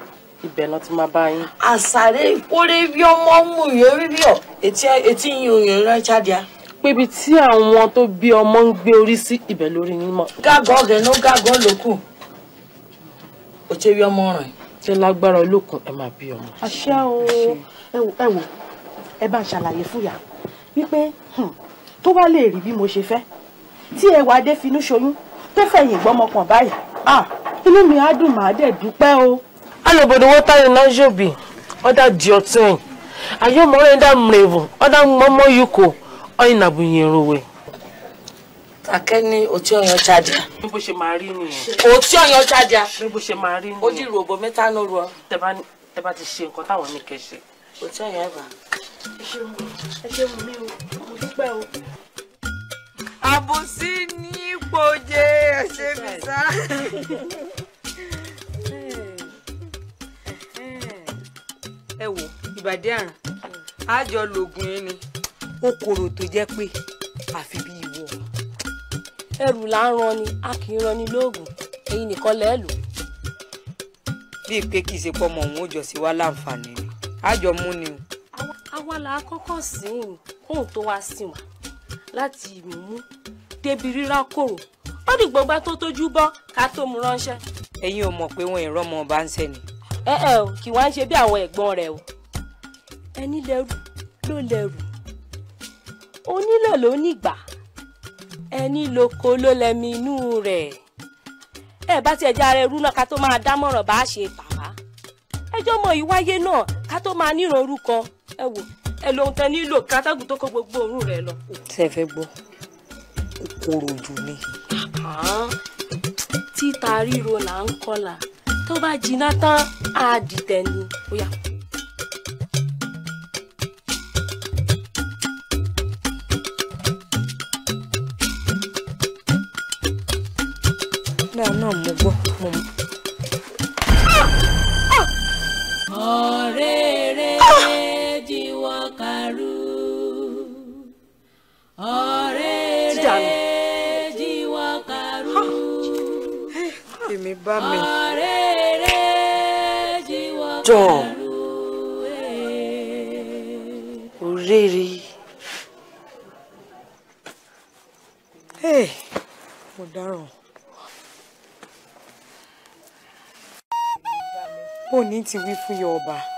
ibẹ̀ náà ti máa bá yín. àṣàrẹ́ ìkórè bí ọmọ mú yẹn rí bí ọ ètí yín òyìnbó rẹ pé ibi tí àwọn tó bí ọmọ ń gbé orí sí ibẹ̀ lórí yín mọ́. gágọ́ ọ̀gẹ̀ ló gágọ́ lókù òṣèré ọmọ rìn. ṣé lágbára olókun ẹ máa bí ọmọ. àṣẹ o ẹ wò ẹ bá ń ṣàlàyé fúyà wípé hmm, tó wá lè rí bí mo ṣe fẹ́ tí ẹwà adé finú ṣoyún tó fẹ̀yìn gbọ́mọkàn báyìí inú mi á dùn màá dẹ̀ dúpẹ́ o. alòbòdò wọ́n táyé náà yóò bì ọ́dà di ọtí ẹ̀yìn àyè ọmọ rẹ̀ dá mìrèwò ọ́dà mọ́mọ́ yìí kò ọyìn nàbùyìn irun wẹ̀. Kàkẹ́ ní otí ọyàn jáde. Bí bó ṣe máa rí nìyẹn. Otí ọyàn jáde. Bí bó ṣe máa rí nìyẹn. Ó dìrò òbò mẹ́ta náà rọ. Tẹ bá ti ṣe nǹkan táwọn ní kẹ́ Otí ọyàn ẹ̀bà. Ẹ ṣeun ní ìpòjé ẹ ṣe mi sá. Ẹ wo ìbàdí àrùn, àjọ lògùn yín ni ó korò tó jẹ́ pé àfi bí ìwọ ẹrù là ń ran ni a kì í ran ni lóògùn èyí nìkan lẹ́ẹ̀ lò. bíi pé kì í ṣe pọ́mọ òun ó jọ sí wa láǹfààní ni àjọ mú ni. àwa là á kọ́kọ́ sìn ín kóhùn tó wá sìn wá láti ìmú débi rírá kòrò ó di gbogbo tó tójú bọ́ ká tó mu ránṣẹ́. ẹ̀yin ò mọ̀ pé wọn ìran ọmọ ọba ń sẹ́ni. ẹ ẹ kì wá ń ṣe bí àwọn ẹ̀gbọ́n rẹ̀ o ẹni lẹ́rù ló lẹ́rù onílò ló nígbà ẹni lóko ló lẹmi inú rẹ̀ ẹ bá tiẹ̀ jẹ́ ara ẹrú náà ká tó máa dámọ̀ràn bá a ṣe tàwa ẹjọ́ mọ ìwáyé náà ká tó máa níran orúkọ ẹ wò ẹ lóhun tẹ nílò kátàgùn tó kó gbogbo òórùn rẹ̀ lọ. ṣe fẹ́ gbọ́ kòkòrò jù ni. títa ríro là ń kọlà tó bá jiná tán á dìtẹ̀ ni náà mo gbọ́ mo mọ̀. ọ̀rẹ́ rẹ̀ jíwọ́ karú bò ní ti wí fún yọ ọba.